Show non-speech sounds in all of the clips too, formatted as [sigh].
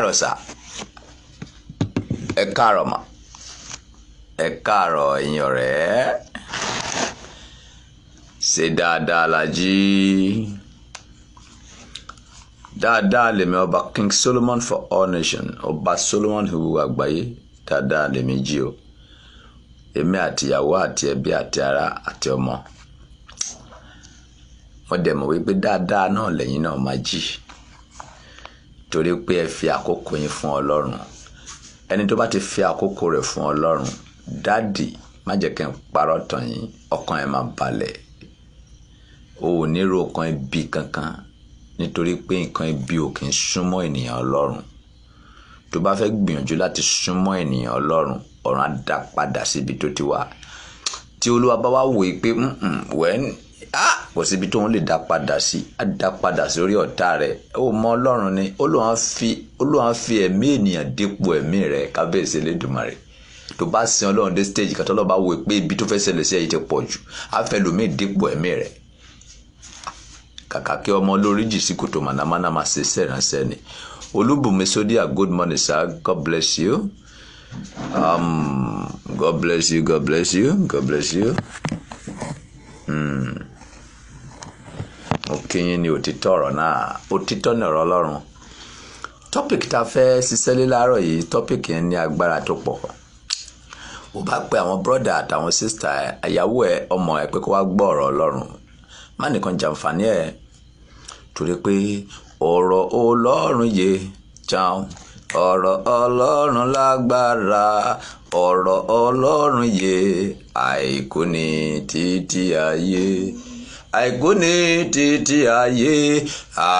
káàárọ̀ sà ẹ káàárọ̀ mà ẹ káàárọ̀ ẹ̀yin ọ̀rẹ́ ṣe dáadáa la jí dáadáa lèmi ọba King Solomon for all nations ọba Solomon ìwú àgbáyé dáadáa lèmi jí o èmi àtìyàwó àti ẹbí àti ará àti ọmọ mo dẹ̀ mọ̀ wípé dáadáa náà lẹ́yìn náà máa jí torí pé ẹ fi àkókò yín fún ọlọ́run ẹni tó bá ti fi àkókò rẹ̀ fún ọlọ́run dáàdì má jẹ́ kí n parọ́ tàn yín ọkàn ẹ máa balẹ̀ o ò ní ro ọkàn ibi kankan nítorí pé nǹkan ibi ò kì í súnmọ́ ènìyàn ọlọ́run tó bá fẹ́ gbìyànjú láti súnmọ́ ènìyàn ọlọ́run ọ̀ràn á dá padà síbi tó ti wà tí olúwa bá wá wòye pé wẹ́n kò síbi tó ń lè dá padà sí á dá padà sórí ọ̀tá rẹ̀ ó mọ ọlọ́run ni olóhàn fi olóhàn fi ẹ̀mí ènìyàn dípò ẹ̀mí rẹ̀ kábíyèsí elédùnmarè tó bá sin ọlọ́run dé stage kan tọ́lọ́ bá wò pé ibi tó fẹ́ ṣẹlẹ̀ sí ẹ̀yìn ti pọ̀ jù á fẹ́ lòmíì dípò ẹ̀mí rẹ̀ kàkà kí ọmọ olórí jì sí kòtò mànàmáná máa ṣe sẹ́rànṣẹ́ ni olúbùnmi sódíà good morning sir god bless you um, god bless you god bless you god bless you. Hmm. òkèyìn ni òtítọ́ ọ̀rọ̀ naa òtítọ́ ni ọ̀rọ̀ ọlọ́run tọ́pìkì ta a fẹ́ ṣiṣẹ́ lé láàárọ̀ yìí tọ́pìkì yẹn ní agbara tó pọ̀ ò bá pe àwọn broda àtàwọn sista ayawo ẹ ọmọ ẹ pé kó wá gbọ́ ọ̀rọ̀ ọlọ́run má nìkan jàǹfààní ẹ̀ torí pé ọ̀rọ̀ ọlọ́run yé jàn ọ̀rọ̀ ọlọ́run lágbára ọ̀rọ̀ ọlọ́run yé àìkú ni títí ayé. àìkú ní títí ayé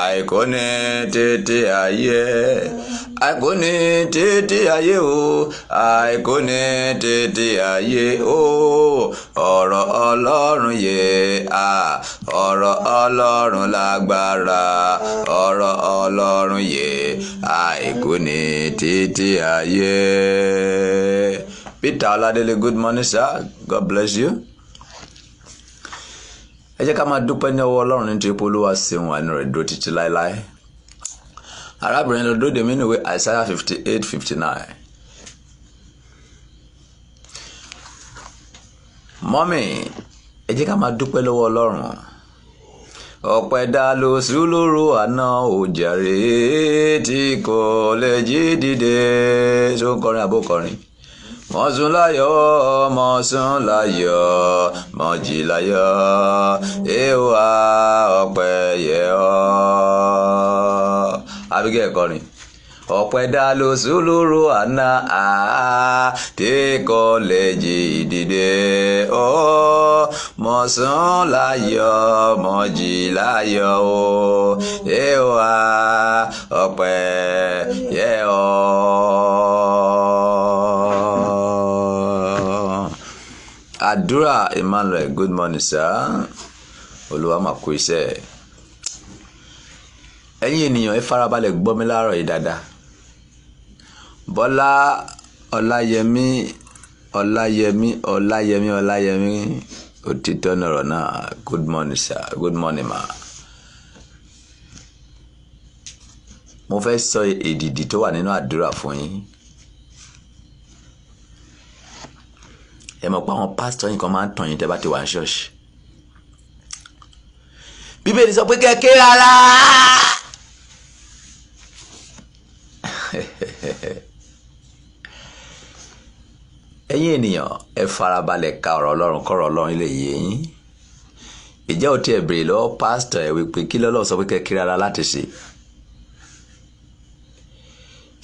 àìkú ní títí ayé àìkú títí ayé o àìkú ní títí ayé o ọ̀rọ̀ ọlọ́run yẹ à ọ̀rọ̀ ọlọ́run lágbára ọ̀rọ̀ ọlọ́run yẹ àìkú ní títí ayé. Peter Aladele, good morning, sir. God bless you ẹ jẹ́ ká máa dúpẹ́ ní ọwọ́ ọlọ́run nítorí pé olúwa ṣeun àánú rẹ̀ dúró títí láéláé arábìnrin lọ dóde mí níwèé àìsáyà fifty eight fifty nine. mọ́mì ẹ jẹ́ ká máa dúpẹ́ lọ́wọ́ ọlọ́run ọ̀pẹ dá ló sùn lóru àná òjàre tí kò lè jí dìde tó kọrin àbókọrin mọ̀súnláyọ̀ mọ̀súnláyọ̀ mọ̀jìláyọ̀ èèwà ọ̀pẹ yẹ ọ́. abigẹ́ ẹ̀kọrin ọ̀pẹ dá ló sùlùrù àná àti kọ́lẹ́jì ìdìde ọ́ mọ̀sánláyọ̀ mọ̀jìláyọ̀ o èèwà ọ̀pẹ yẹ ọ́. àdúrà Emmanuel good morning sir olúwa mà kú iṣẹ́ ẹ̀yin ènìyàn ẹ farabalẹ̀ gbọ́ mi láàárọ̀ yìí dáadáa Bọ́lá Ọláyẹmí Ọláyẹmí Ọláyẹmí Ọláyẹmí òtítọ́ nọ̀rọ̀ náà good morning sir good morning ma. mo fẹ́ sọ èdìdì tó wà nínú àdúrà fún yín ẹ mọ̀ pé àwọn pásítọ̀ yìí kan máa ń tàn yín tẹ́ bá ti wà ní ṣọ́ọ̀ṣì bíbélì sọ pé kẹ́kẹ́ ara [laughs] ẹ̀yin ènìyàn ẹ farabalẹ̀ ka ọ̀rọ̀ ọlọ́run kọ́rọ̀ ọlọ́run lè yé yín ìjẹ́ ò tí ẹ bèrè lọ́wọ́ pásítọ̀ ẹ̀ wípé kí lọ́lọ́ sọ pé kẹ́kẹ́ rárá láti ṣe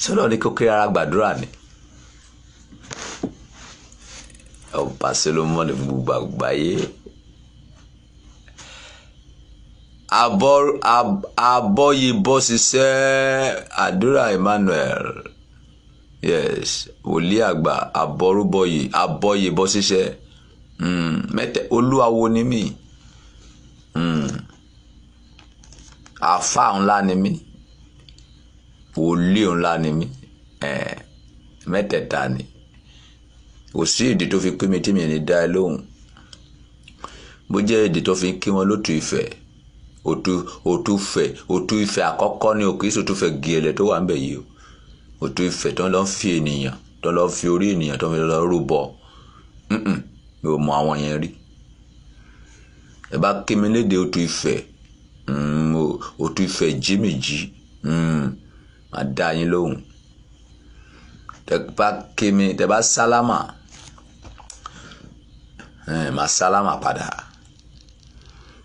sọ́lọ́ ní kó kéré ara gbàdúrà ni. ọba Solomoni fún gbogbo àgbáyé abọ́ abọ́yibọ́ ṣiṣẹ́ Adura Emmanuel yes wòlíì àgbà abọ́rúbọ̀yì abọ́yibọ́ ṣiṣẹ́ hmm, mẹ́tẹ̀ olúwawo ni mí hmm, àáfàá ńlá ni mí wòlíì ńlá ni mí mẹ́tẹ̀ẹ̀ta ni. Mm kò sí èdè tó fi pé mi tí mi ní dá ẹ lóhùn bó jẹ́ èdè tó fi kí wọn lótú ìfẹ́ òtú òtú ìfẹ́ òtú ìfẹ́ àkọ́kọ́ ní òkè ìṣòtú ìfẹ́ gìẹ̀lẹ̀ tó wà ń bẹ̀ yìí òtú ìfẹ́ tó ń lọ fi ènìyàn tó ń lọ fi orí ènìyàn tó ń lọ rúbọ mi ò mọ àwọn yẹn rí ẹ bá kí mi léde òtú ìfẹ́ mm, òtú ìfẹ́ jí mi jí màá dá yín lóhùn tẹ bá kí mi tẹ bá sálámà. Eh, màá sálámà padà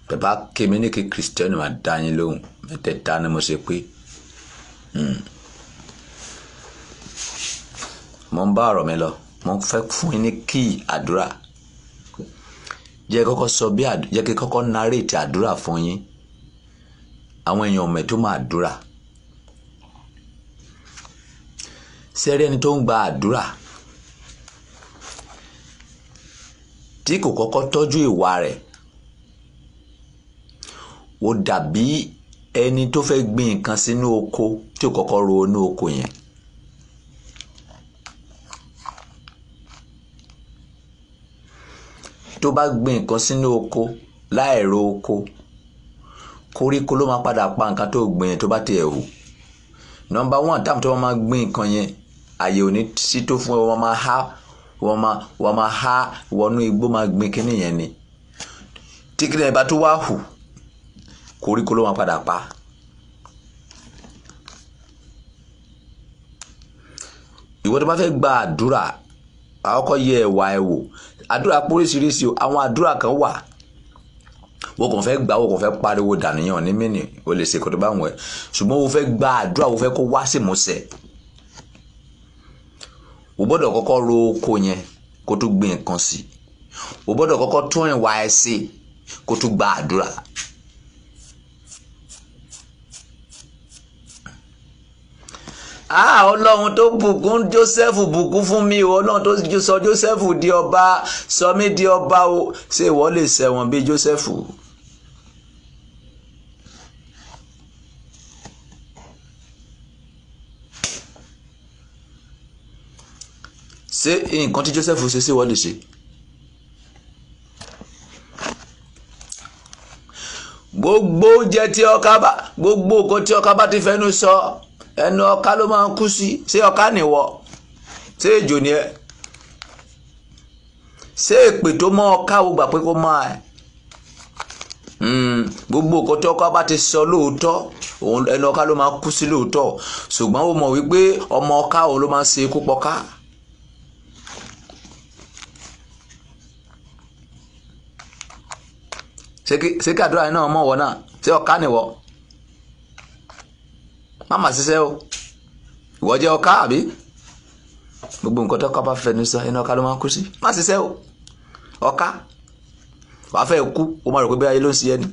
bàbá kémi ní kí kristiani máa dá yín lóhùn mẹ́tẹ̀ẹ̀ta ni mo ṣe pé hmm. mo ń bá ọ̀rọ̀ mi lọ mo fẹ́ fún yín ní kíì àdúrà jẹ́ kọ́kọ́ sọ bí jẹ́ kí kọ́kọ́ narrate àdúrà fún yín àwọn èèyàn ọ̀mẹ́ tó máa dúrà sẹ́rí ẹni tó ń gba àdúrà tí kò kọ́kọ́ tọ́jú ìwà rẹ̀ ó dàbí ẹni tó fẹ́ gbin nǹkan sínú oko tí ò kọ́kọ́ ro inú oko yẹn. tó bá gbin nǹkan sínú oko láì oko koríko ló máa padà pa nǹkan tó gbìn yẹn tó bá tiẹ̀ hù nọ́mbà one táàmù tó bá máa gbin nǹkan yẹn àyè ò ní sí tó fún ẹ wọ́n máa há wọ́n máa wọ́n máa há wọnú igbó máa gbin kínní yẹn ni tí kínní yẹn bá tó wá hù koríko ló máa padà pa. ìwọ tó bá fẹ́ gba àdúrà àkọ́kọ́ yẹ ẹ̀wà ẹ̀ wò àdúrà póríṣiríṣi àwọn àdúrà kan wà wọ́n kàn fẹ́ gbà wọ́n kàn fẹ́ pariwo dànù yàn ní mìíní o lè ṣe kó tó bá wọn ẹ̀ ṣùgbọ́n wọ́n fẹ́ gba àdúrà wọ́n fẹ́ kó wá sí ìmúṣẹ o gbọ́dọ̀ kọ́kọ́ ro oko yẹn kó tó gbin nǹkan sí o gbọ́dọ̀ kọ́kọ́ tún ìwà ẹ kó tó gba àdúrà. ah ọlọ́run tó bùkún joseph bùkún fún mi o ọlọ́run tó sọ joseph di ọba sọ mí di ọba o ṣé ìwọ lè ṣẹ̀wọ̀n bíi joseph ṣé nǹkan tí Joseph ṣe sí wọ́n lè ṣe. gbogbo oúnjẹ tí ọkà bá gbogbo nǹkan tí ọkà bá ti fẹnu sọ ẹnu ọkà ló máa ń kú sí ṣé ọkà nìwọ ṣé èjò ni ẹ ṣé èpè tó mọ ọkà wo gbà pé kó máa ẹ hmm, gbogbo nǹkan tí ọkà bá ti sọ lóòótọ́ ẹnu ọkà ló máa kú sí lóòótọ́ ṣùgbọ́n ó mọ̀ wípé ọmọ ọkà òun ló máa ń ṣe ikú pọ̀ká. ṣé kàdúrà yín náà mọ̀ wọ́n náà ṣé ọ̀ká nìwọ́ má mà ṣiṣẹ́ o ìwọ jẹ́ ọ̀ká àbí gbogbo nǹkan tó kọ́ bá fẹ́ ní sọ iná ọ̀ká ló máa ń kú o ọ̀ká wàá fẹ́ kú o máa rò pé bí ayé ló ń ṣiyẹ́ ni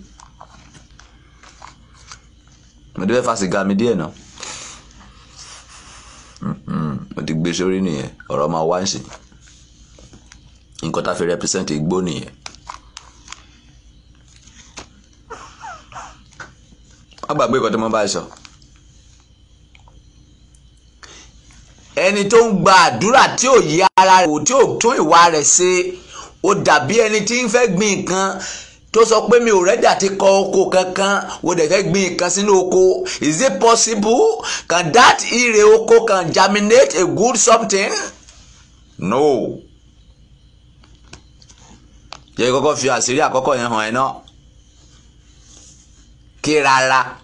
mo dé fẹ́ fa sìgá mi díẹ̀ náà mm-hmm. mo ti gbé sórí nìyẹn ọ̀rọ̀ máa wá ń ṣe nǹkan tá a fi rẹpísẹ́ǹtì wọ́n gbàgbé ìkọ́ tó mọ́ bá sọ. ẹni tó ń gba àdúrà tí ò yí ara rẹ̀ wò tí ò tún ìwà rẹ̀ ṣe ó dàbí ẹni tí ń fẹ́ gbìn nǹkan tó sọ pé mi ò rẹ́dà ti kọ oko kankan wò dẹ̀ fẹ́ gbìn nǹkan sínú oko is it possible can that ire oko can germinate a good something? no. jẹ́ kọ́kọ́ fi àṣírí àkọ́kọ́ yẹn hàn ẹ́ náà kí rárá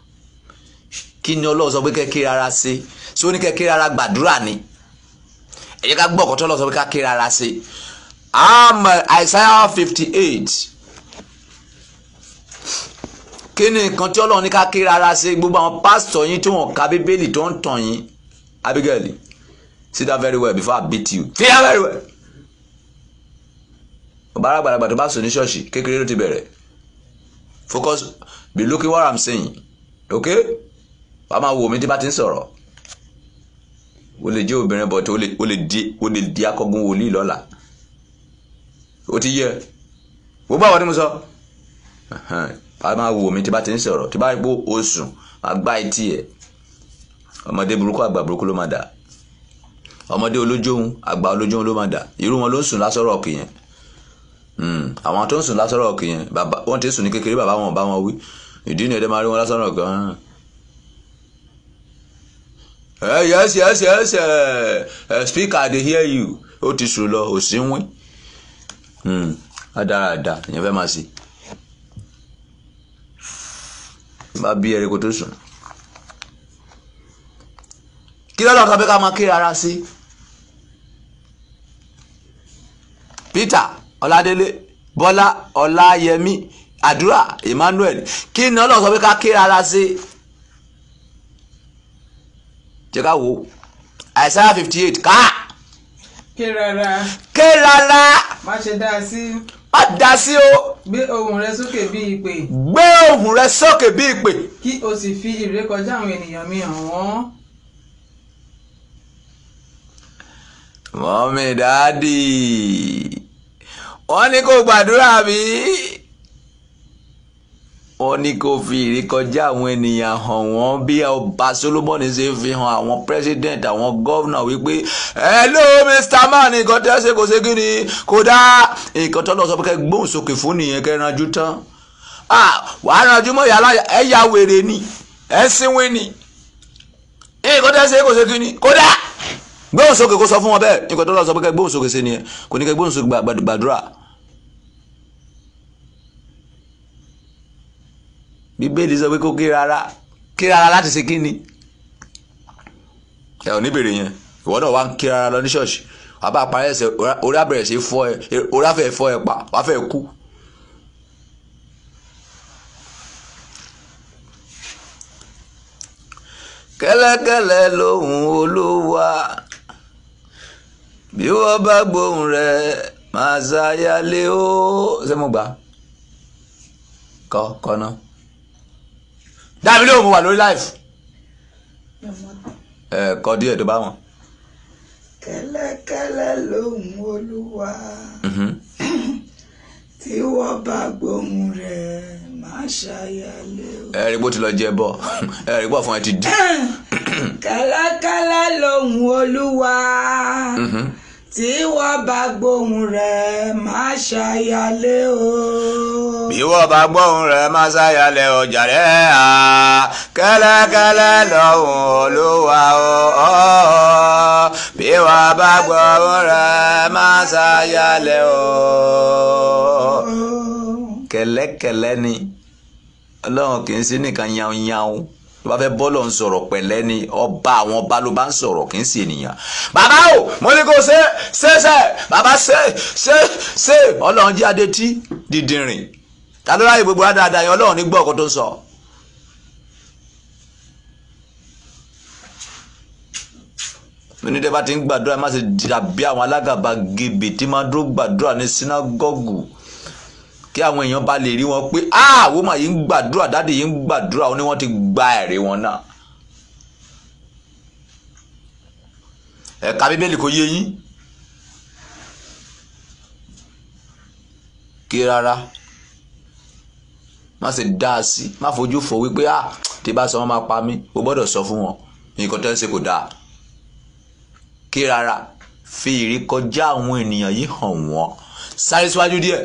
kí ni ọlọ́run sọ pé kẹ́kí rárá sí sọ ní kẹ́kí rárá gbàdúrà ni ẹ jẹ́ ká gbọ́ ọ̀kọ́ tó lọ́sọ̀ pé kẹ́kí rárá sí Isaiah fifty eight kí ni nǹkan tí ọlọ́run ní ká kí rárá sí gbogbo àwọn pásítọ̀ yín tí wọ́n ka bíbélì tó ń tàn yín Abigail sit down very well before I beat you sit down very well ọ̀bára àgbàlagbà tó bá sùn ní ṣọ́ọ̀ṣì kékeré ló ti bẹ̀rẹ̀ focus be looking what i'm saying okay wàá máa wò mí tí bá ti ń sọ̀rọ̀ o lè jẹ́ obìnrin bọ̀ tí o lè di o lè di akọgun wòlíì lọ́la o ti yẹ wò bá wà ní mo sọ wàá máa wò mí tí bá ti ń sọ̀rọ̀ tí bá rí pé o sùn àgbá etí ẹ̀ ọmọdé burúkú àgbà burúkú ló máa dà ọmọdé olójóhun àgbà olójóhun ló máa dà irú wọn ló ń sùn lásọ̀rọ̀ ọ̀kì yẹn hmm. àwọn tó ń sùn lásọ̀rọ̀ ọ̀kì yẹn wọ́n ti sùn ní kékeré bàbá wọn ò bá wọn wí ìdí ni ẹ̀dẹ́ máa rí wọn lásán náà gan-an eh, yes yes yes ẹ eh, ẹ eh, speaker dey hear you ó ti sùn lọ ò sí wín ada. Hmm, ìyẹn fẹ́ máa sí bá bí ẹ̀rí kò tó sùn. kí lọ́dọ̀ kan fẹ́ ká máa kí ara sí Peter Ọládélé Bọ́lá Ọláyẹmí àdúrà Emmanuel kí ni Ọlọ́run sọ pé ká kíra ara sí jẹ́ ká wò Isaiah fifty eight ká. kérara kérara má ṣe dá a sí má dá a sí o gbé ohùn rẹ sókè bí ìpè. gbé ohùn rẹ sókè bí ìpè. kí o sì fi ìrékọjá àwọn ènìyàn mi hàn wọ́n. mọ́mí dáàdì wọ́n ní kó gbàdúrà mi ó ní kó fi ìrékọjá àwọn ènìyàn hàn wọ́n bí ọba Solomoni ṣe fi hàn àwọn president àwọn gọ́vnà wípé hello Mr. Man nǹkan tẹ́ ṣe kò ṣe kí ni kò dáa nǹkan tọ́lọ́ sọ pé kẹ́ gbóhùn sókè fún nìyẹn kẹ́ ranjú tán wàá ranjú mọ́ ìyá ẹ̀yà wèrè ni ẹ̀sìnwé ni nǹkan tẹ́ ṣe kò ṣe kí ni kò dáa gbóhùn sókè kó sọ fún wọn bẹ́ẹ̀ nǹkan tọ́lọ́ sọ pé gbóhùn sókè ṣe nìyẹn kò ní kẹ́ gbóhùn sókè gbàdúrà. bíbélì sọ pé kó kí rárá kí rárá láti ṣe kí ni ẹ ò ní bèrè yẹn ìwọ náà wá ń kí rárá lọ ní ṣọ́ọ̀ṣì wàá bá parí ẹsẹ̀ orí àbẹ̀rẹ̀ sí fọ́ ẹ orí àfẹ́ fọ́ ẹ pa wàá fẹ́ kú. kẹ́lẹ́kẹ́lẹ́ lòun olówó bí wọ́n bá gbóhùn rẹ̀ máa ṣayálé ó ṣé mo gbà kọ́ kọ́ náà dábìlì òun wà lórí live. ẹ kọ díẹ̀ tó bá wọn. kẹ́lẹ́kẹ́lẹ́ lòun olúwa mm-hmm. [clears throat] tí wọ́n bá gbóhùn rẹ̀ máa ṣàyàlẹ́ o. ẹ rí bó ti lọ jẹ bọ ẹ rí bọ fún ẹ ti dín. [clears throat] kẹ́lẹ́kẹ́lẹ́ lòun olúwa. Mm-hmm tí wọ́n bá gbóhùn rẹ̀ máa ṣàyàlẹ́ o. bí wọ́n bá gbóhùn rẹ̀ máa ṣàyàlẹ́ o jàre à kẹ́lẹ́kẹ́lẹ́ lọ́hùn olúwa o. bí wọ́n bá gbóhùn rẹ̀ máa ṣàyàlẹ́ o. kẹ́lẹ́kẹ́lẹ́ ni ọlọ́run kì í sí nìkan yàwùn yàwùn tó bá fẹ́ bọ́lọ̀ ń sọ̀rọ̀ pẹ̀lẹ́ ni ọba àwọn ọba ló bá ń sọ̀rọ̀ kì í sì ènìyàn. bàbá o mo ní kó ṣe ṣe ṣe bàbá ṣe ṣe ṣe ọlọ́run jẹ́ adétí dídìnrìn ta ló ráyè gbogbo dáadáa yẹn ọlọ́run ní gbọ́ ọ̀kọ́ tó sọ. onídẹ́ bá ti ń gbàdúrà má ṣe dàbí àwọn alágàbà tí máa dúró gbàdúrà ní sínágọ́gù kí àwọn èèyàn bá lè rí wọn pé àwọn ah, ọmọ yìí ń gbàdúrà dáàdì yìí ń gbàdúrà ó ní wọ́n ti gba èrè wọn náà. ẹ̀ka bíbélì kò yé yín kí rárá má ṣe dá a sí má fojú fò wípé à ah, tí bá sọ wọn máa pa mí o gbọ́dọ̀ sọ fún wọn nǹkan tó ń ṣe kò dáa kí rárá fi ìrékọjá àwọn ènìyàn yìí hàn wọ́n sáré síwájú díẹ̀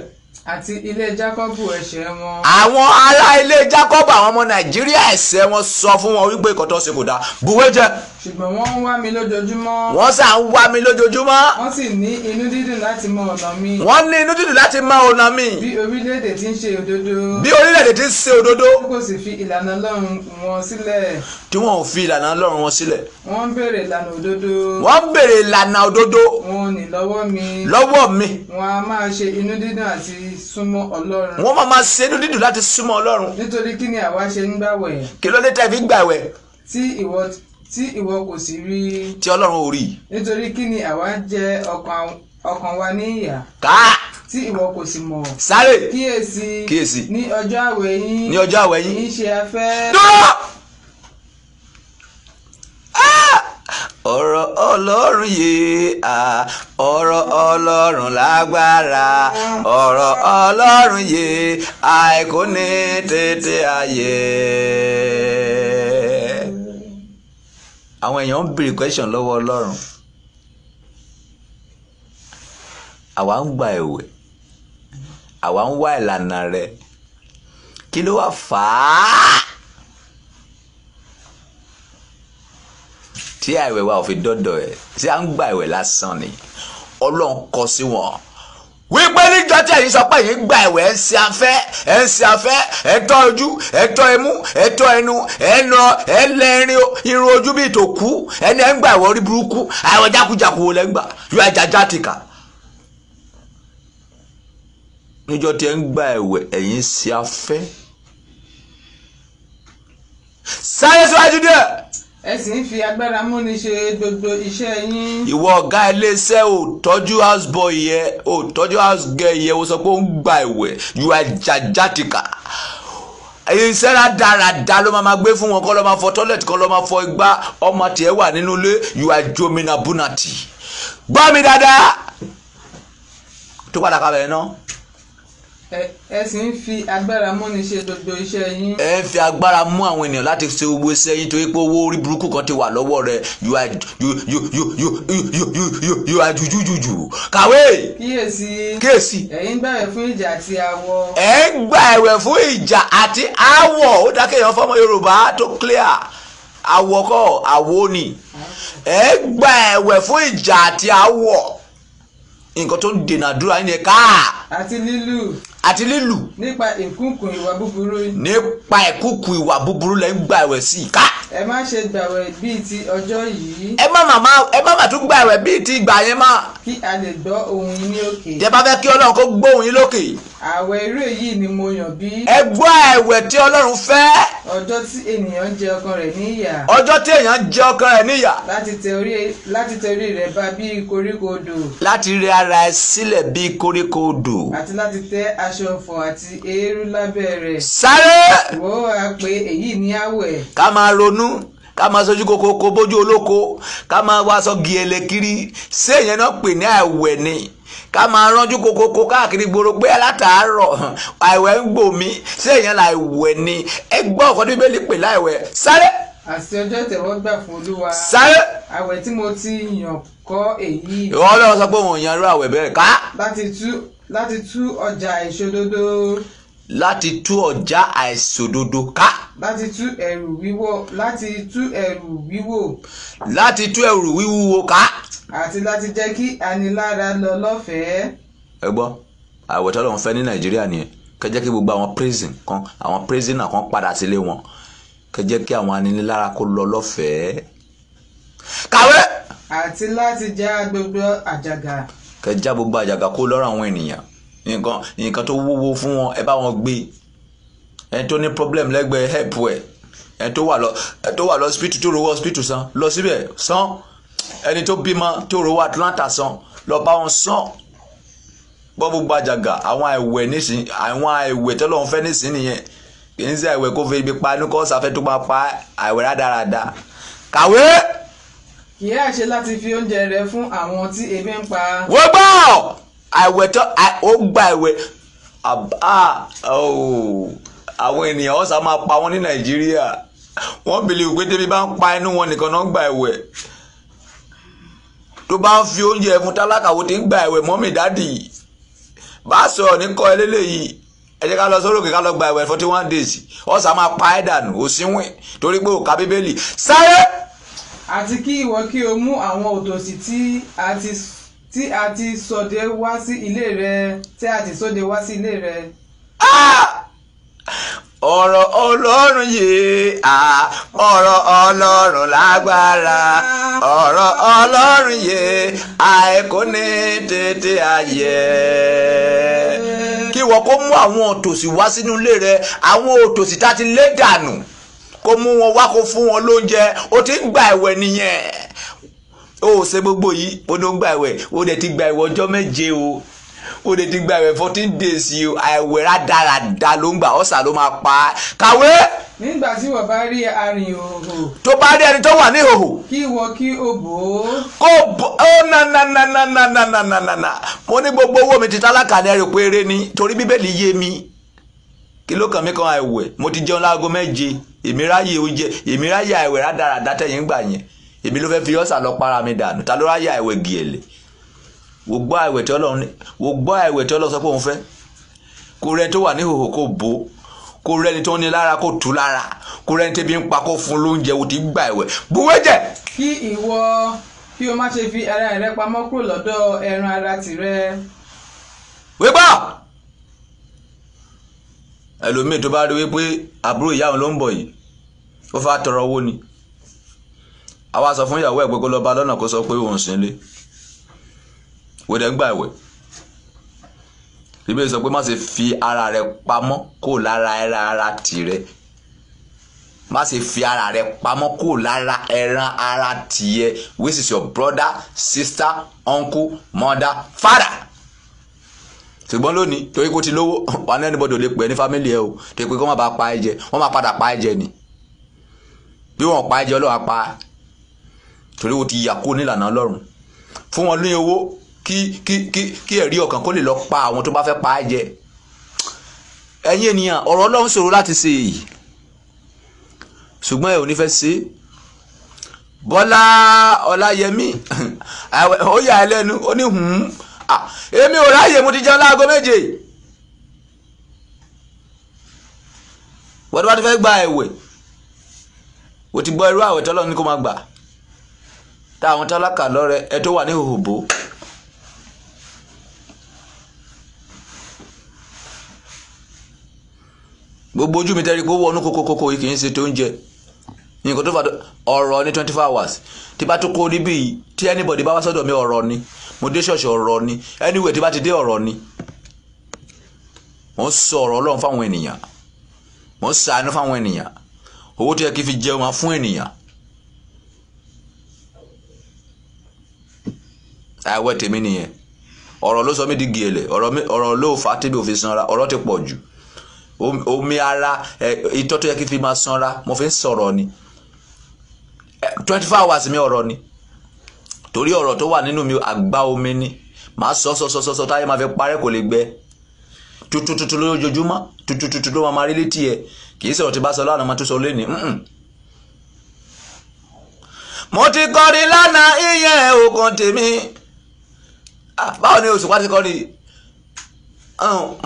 àti ilé Jákọ́bù ẹ̀ṣẹ̀ wọn. àwọn ará ilé Jákọ́bù àwọn ọmọ Nàìjíríà ẹ̀ṣẹ̀ wọn sọ fún wọn wípé ìkọ̀tọ̀ ṣe kò dáa buwé jẹ́ ṣùgbọ́n wọ́n ń wá mi lójoojúmọ́. wọ́n sà ń wá mi lójoojúmọ́. wọ́n sì ní inú dídùn láti mọ ọ̀nà mi. wọ́n ní inú dídùn láti mọ ọ̀nà mi. bí orílẹ̀-èdè ti ń ṣe òdodo. bí orílẹ̀-èdè ti ń ṣe òdodo. tí kò sì fi ìlànà Ọlọ́run wọn sílẹ̀. tí wọn ò fi ìlànà Ọlọ́run wọn sílẹ̀. wọ́n ń béèrè ìlànà òdodo. wọ́n ń béèrè ìlànà òdodo. wọn ò ní lọ́wọ́ mi. lọ́wọ́ mi. wọn a máa ṣe inú dídùn àti súnmọ́ Ọlọ́run. wọ́n máa máa ṣe inú dídùn láti súnmọ́ Ọlọ́run. nítorí kí ni àwa ṣe ń gbàwẹ̀. kí ló dé tẹ́ fi gbàwẹ̀. tí ìwọ tí ìwọ kò sì rí. tí ọlọ́run ò rí. nítorí kí ni àwa jẹ ọkàn wa ní ìyà. káà tí ìwọ kò sì mọ̀. sáré kíyèsí kíyèsí ní ọjọ́ àwẹ̀ yín ní ọjọ́ àwẹ̀ yín yín ṣe afẹ́. dúró ọ̀rọ̀ ọlọ́run yìí ọ̀rọ̀ ọlọ́run lágbára ọ̀rọ̀ ọlọ́run yìí àìkú ní tètè ayé àwọn èèyàn ń béèrè question lọ́wọ́ ọlọ́run àwa ń gba ẹ̀wẹ̀ àwa ń wá ìlànà rẹ kí ló wá fà á tí àìwẹ̀ wa ò fi dọ́dọ̀ ẹ̀ tí à ń gba ẹ̀wẹ̀ lásán ni ọlọ́run kọ sí wọn wípé níjọ́ tí ẹ̀yin sọ pé ẹ̀yin gba ẹ̀wẹ̀ ẹ̀ ń ṣe afẹ́ ẹ̀ ń ṣe afẹ́ ẹ̀ tọ́ ojú ẹ̀ tọ́ imú ẹ̀ tọ́ ẹnu ẹ̀ nà ẹ̀ lẹ irun ojú bíi tòkú ẹni ẹ̀ ń gba ẹ̀wẹ̀ orí burúkú àwọn jákujàku wo lẹ́ ń gbà yóò ajájá ti kà. níjọ́ tí ẹ̀ ń gba ẹ̀wẹ̀ ẹ̀yin ṣe afẹ́. sáyẹ́sì wájú díẹ̀ ẹ fi agbára múni ṣe gbogbo iṣẹ́ yín. ìwọ ọ̀gá iléeṣẹ́ ò houseboy yẹ ò housegirl yẹ o sọ pé ó ń gba ìwẹ̀ you are jàjàtìkà iṣẹ́ rádaràda ló máa gbé fún wọn kọ́ ló máa fọ tọ́lẹ̀tì kọ́ ló máa fọ igbá ọmọ tiẹ̀ wà nínú ilé you are jomina gbọ́ mi dáadáa tó padà kábẹ̀rẹ̀ náà ẹ sì ń fi agbára múni ṣe gbogbo iṣẹ́ yín. ẹ ń fi agbára mú àwọn ènìyàn láti ṣe gbogbo iṣẹ́ yín torí pé owó orí burúkú kan ti wà lọ́wọ́ rẹ̀ you are you you kàwé. kíyèsí kíyèsí. ẹ̀yin gbààwẹ̀ fún ìjà àti àwọ̀. ẹ ń gbààwẹ̀ fún ìjà àti àwọ̀ ó dákẹ́ èèyàn fọmọ Yorùbá tó clear àwọ̀ kọ́ àwọ̀ ni ẹ ń gbààwẹ̀ fún ìjà àti àwọ̀ nǹkan tó ń dènà àdúrà yín ni ká. àti lílù àti lílù. nípa ìkúnkùn ìwà búburú. nípa ìkúnkùn ìwà búburú lẹ́ ń gbààwẹ̀ sí i ká. ẹ má ṣe gbààwẹ̀ bíi ti ọjọ́ yìí. ẹ má màmá ẹ má màtún gbààwẹ̀ bíi ti ìgbà yẹn mọ́. kí a lè gbọ́ ohùn yín ní òkè. tẹ́ bá fẹ́ kí ọlọ́run kó gbọ́ ohùn yín lókè. àwẹ̀ eré yìí ni mo yàn bí. ẹ gbọ́ àwẹ̀ tí ọlọ́run fẹ́. ọjọ́ tí ènìyàn jẹ ọkàn rẹ̀ níyà. ọjọ́ tí èèyàn jẹ ọkàn rẹ̀ níyà. láti tẹ orí láti tẹ orí rẹ̀ bá bíi koríko odò. láti rẹ ara ẹ aṣọfọ̀ àti eérú lábẹ́ rẹ̀. sáré. wọ́ a pé èyí ni àwẹ̀. ká máa ronú ká máa sojú kokoko bójú olóko ká máa wáṣọ gìẹ̀lè kiri ṣé ìyẹn náà pè ní àwẹ̀ ni ká máa ránjú kokoko káàkiri gbòòrò pé látàárọ̀ àìwẹ̀ ń gbò mí ṣé ìyẹn làìwẹ̀ ni ẹ gbọ́ ọ̀kan tí bẹ́ẹ̀ lè pè láìwẹ̀ sáré àti ọjọ́ ìtẹ̀wọ́gbà fún olúwa. sáré. àwẹ̀ tí mo ti yàn kọ́ èyí. ìwọ lọ́wọ́ sọ pé òun ò yan irú àwẹ̀ bẹ́ẹ̀ ká. láti tú láti tú ọjà àìṣòdodo. láti tú ọjà àìṣòdodo ká. láti tú ẹrù wíwò láti tú ẹrù wíwò. láti tú ẹrù wíwúwo ká. àti láti jẹ́ kí anilára lọ lọ́fẹ̀ẹ́. ẹ gbọ́ àwẹ̀ tọ́lọ̀ ń fẹ́ ní nàìjíríà nìyẹn kẹjẹ́ kí gbogbo àwọn prison kan àwọn prisoner kan padà sílé wọn kẹjẹ́ kí àwọn anilára kó lọ lọ́fẹ̀ẹ́. kàwé. àti láti já gbogbo àjàgà kẹ́ já gbogbo àjàgà kó lọ́rọ̀ àwọn ènìyàn nǹkan nǹkan tó wúwo fún wọn ẹ bá wọn gbé ẹni tó ní problem lẹ́gbẹ̀ẹ́ help ẹ̀ ẹni tó wà lọ ẹni tó wà lọ hospital tó rówó hospital san lọ síbẹ̀ san ẹni tó bímọ tó rówó Atlanta san lọ bá wọn san gbọ́ gbogbo àjàgà àwọn àìwẹ̀ nísìn àwọn àìwẹ̀ tọ́lọ́ fẹ́ nísìn nìyẹn kì í ṣe àìwẹ̀ kó fi ibi pa ẹnu kọ́ sáfẹ́ tó máa pa àìwẹ̀ rádaràda kàwé kì í àṣe láti fi oúnjẹ rẹ fún àwọn tí ebi ń pa. wọ́n gbọ́ àwẹ̀ tó ó gba àwẹ̀ àwọn ènìyàn ọ̀sà máa pa wọ́n ní nàìjíríà wọ́n believe pé tẹ́bí bá ń pa inú wọn nìkan náà gba àwẹ̀ tó bá ń fi oúnjẹ fún tálákà wo ti ń gba àwẹ̀ mọ́mì dádì bá sọ̀rọ̀ ní kọ́ eléyìí ẹ jẹ́ ká lọ sórókè ká lọ gba àwẹ̀ forty one days ọ̀sà máa pa ẹ̀dà nù òsínwìn torí pé òkà bíbélì sáré àti kí ìwọ kí o mú àwọn òtòṣì tí a ti sọdẹ wá sí ilé rẹ tí a ti sọdẹ wá sí ilé rẹ. Ah! ọ̀rọ̀ ọlọ́run yìí ah! ọ̀rọ̀ ọlọ́run lágbára ọ̀rọ̀ ọlọ́run yìí àìkú ní tètè ayẹ. kí ìwọ kó mú àwọn òtòṣì wá sínú ilé rẹ àwọn òtòṣì tá a ti lé dànù kó mú wọn wá kó fún wọn lóúnjẹ ó ti ń gba ẹ̀wẹ̀ nìyẹn ó ṣe gbogbo yìí ó ló ń gba ẹ̀wẹ̀ ó dẹ̀ ti gba ẹ̀wẹ̀ ọjọ́ méje o ó dẹ̀ ti gba ẹ̀wẹ̀ fourteen days yìí ẹ̀wẹ̀ rádaràda ló ń gbà ọ̀sà ló máa pa á kàwé nígbà tí wọ́n bá rí arìn òhò. tó bá rí ẹni tó wà ní òhò. kí wọ kí o bò ó. kó bò ó na na na na na na na na na mo ní gbogbo owó mi ti tálákà ní ẹrù péré ni torí bíbélì yé mi kí ló kàn mí kan àìwẹ̀ mo ti jẹun láago méje èmi ráyè oúnjẹ èmi ráyè àìwẹ̀ rádaràdá tẹ̀yìn gbà yẹn èmi ló fẹ́ fi ọ̀sà lọ para mi dànù ta ló ráyè àìwẹ̀ gìẹ̀lẹ̀ wò gbọ́ àìwẹ̀ tí Ọlọ́run wò gbọ́ àìwẹ̀ tí Ọlọ́run sọ pé òun fẹ́ kó rẹ tó wà ní ìhòhò kó bò kó rẹ ni tó ní lára kó tù lára kó rẹ ni tẹ́bi ń pa kó fún lóúnjẹ wò ti gbà àìwẹ̀ buwé jẹ. kí ìwọ kí o má ṣe fi ara rẹ pamọ́ kúrò lọ́dọ̀ ẹran ara tìrẹ. wíwá ẹlòmíì tó bá rí wípé àbúrò ìyá òun ló ń bọ̀ yìí ó fà tọrọ owó ni àwa sọ fún ìyàwó ẹ̀ pé kó lọ bá lọ́nà kó sọ pé òun sì ń lé wẹ́dẹ̀ ń gbà ẹ̀wẹ̀ bíbélì sọ pé má ṣe fi ara rẹ pamọ́ kó lára ẹran ara tìrẹ má ṣe fi ara rẹ pamọ́ kó lára ẹran ara tìyẹ which is your brother sister uncle mother father ṣùgbọ́n lónìí torí kó ti lówó wà ní ẹnibọ́dọ̀ lè pè é ní fámìlì ẹ o torí pé kí wọ́n bá pa ẹ jẹ wọ́n máa padà pa ẹ jẹ ni bí wọ́n pa ẹ jẹ ọlọ́wà pa torí o ti yà kó nílànà ọlọ́run fún wọn ní owó kí kí kí kí ẹ̀rí ọ̀kan kó lè lọ pa àwọn tó bá fẹ́ pa á jẹ ẹ̀yin ènìyàn ọ̀rọ̀ ọlọ́run ṣòro láti ṣe èyí ṣùgbọ́n ẹ ò ní fẹ́ ṣe Bọ́lá Ọláyẹmí [laughs] ó yà ẹ lẹ́nu ó ní hùn Ah, èmi ò ráyè mo ti jẹun láago méje wọ́n tó bá ti fẹ́ gba ẹ̀wẹ̀ o ti gbọ́ irú àwẹ̀ tọ́lọ́ ní kó máa gbà tá àwọn tálákà lọ́rẹ ẹ tó wà ní òhòbó. gbogbo ojú mi tẹ́rí pé ó wọnú kókókókó yìí kì í ṣe tó ń jẹ nǹkan tó fà ọ̀rọ̀ ní twenty four hours tí bá tó kó níbí yìí tí anybody bá wá sọ́dọ̀ mi ọ̀rọ̀ ni mo dé ṣọ̀ṣì ọ̀rọ̀ ni anyway tí bá ti dé ọ̀rọ̀ ni mò ń sọ ọ̀rọ̀ ọlọ́run fáwọn ènìyàn mò ń ṣàánú fáwọn ènìyàn owó tó yẹ kí n fi jẹun máa fún ènìyàn àwẹ̀ tèmi nìyẹn ọ̀rọ̀ ló sọ mí di gèlè ọ̀rọ̀ ló fà á tẹ́bi òfin sanra ọ̀rọ̀ ti pọ̀ jù omi ara ìtọ́ tó yẹ kí fi máa sanra mo fi ń sọ̀rọ̀ ni twenty four hours mi ọ̀rọ̀ ni torí ọ̀rọ̀ tó wà nínú mi àgbá omi ni màá sọ sọ sọ sọ sọ táyé máa fi parẹ́ kò lè gbẹ tutututu lójoojúmọ́ tutututu ló máa máa rí létí ẹ kì í sọ̀rọ̀ tí bá sọ lánàá máa tún sọ lé ní. mo ti kọrin lánàá ìyẹn oògùn tèmi báwo ni Òṣùpá ti kọrin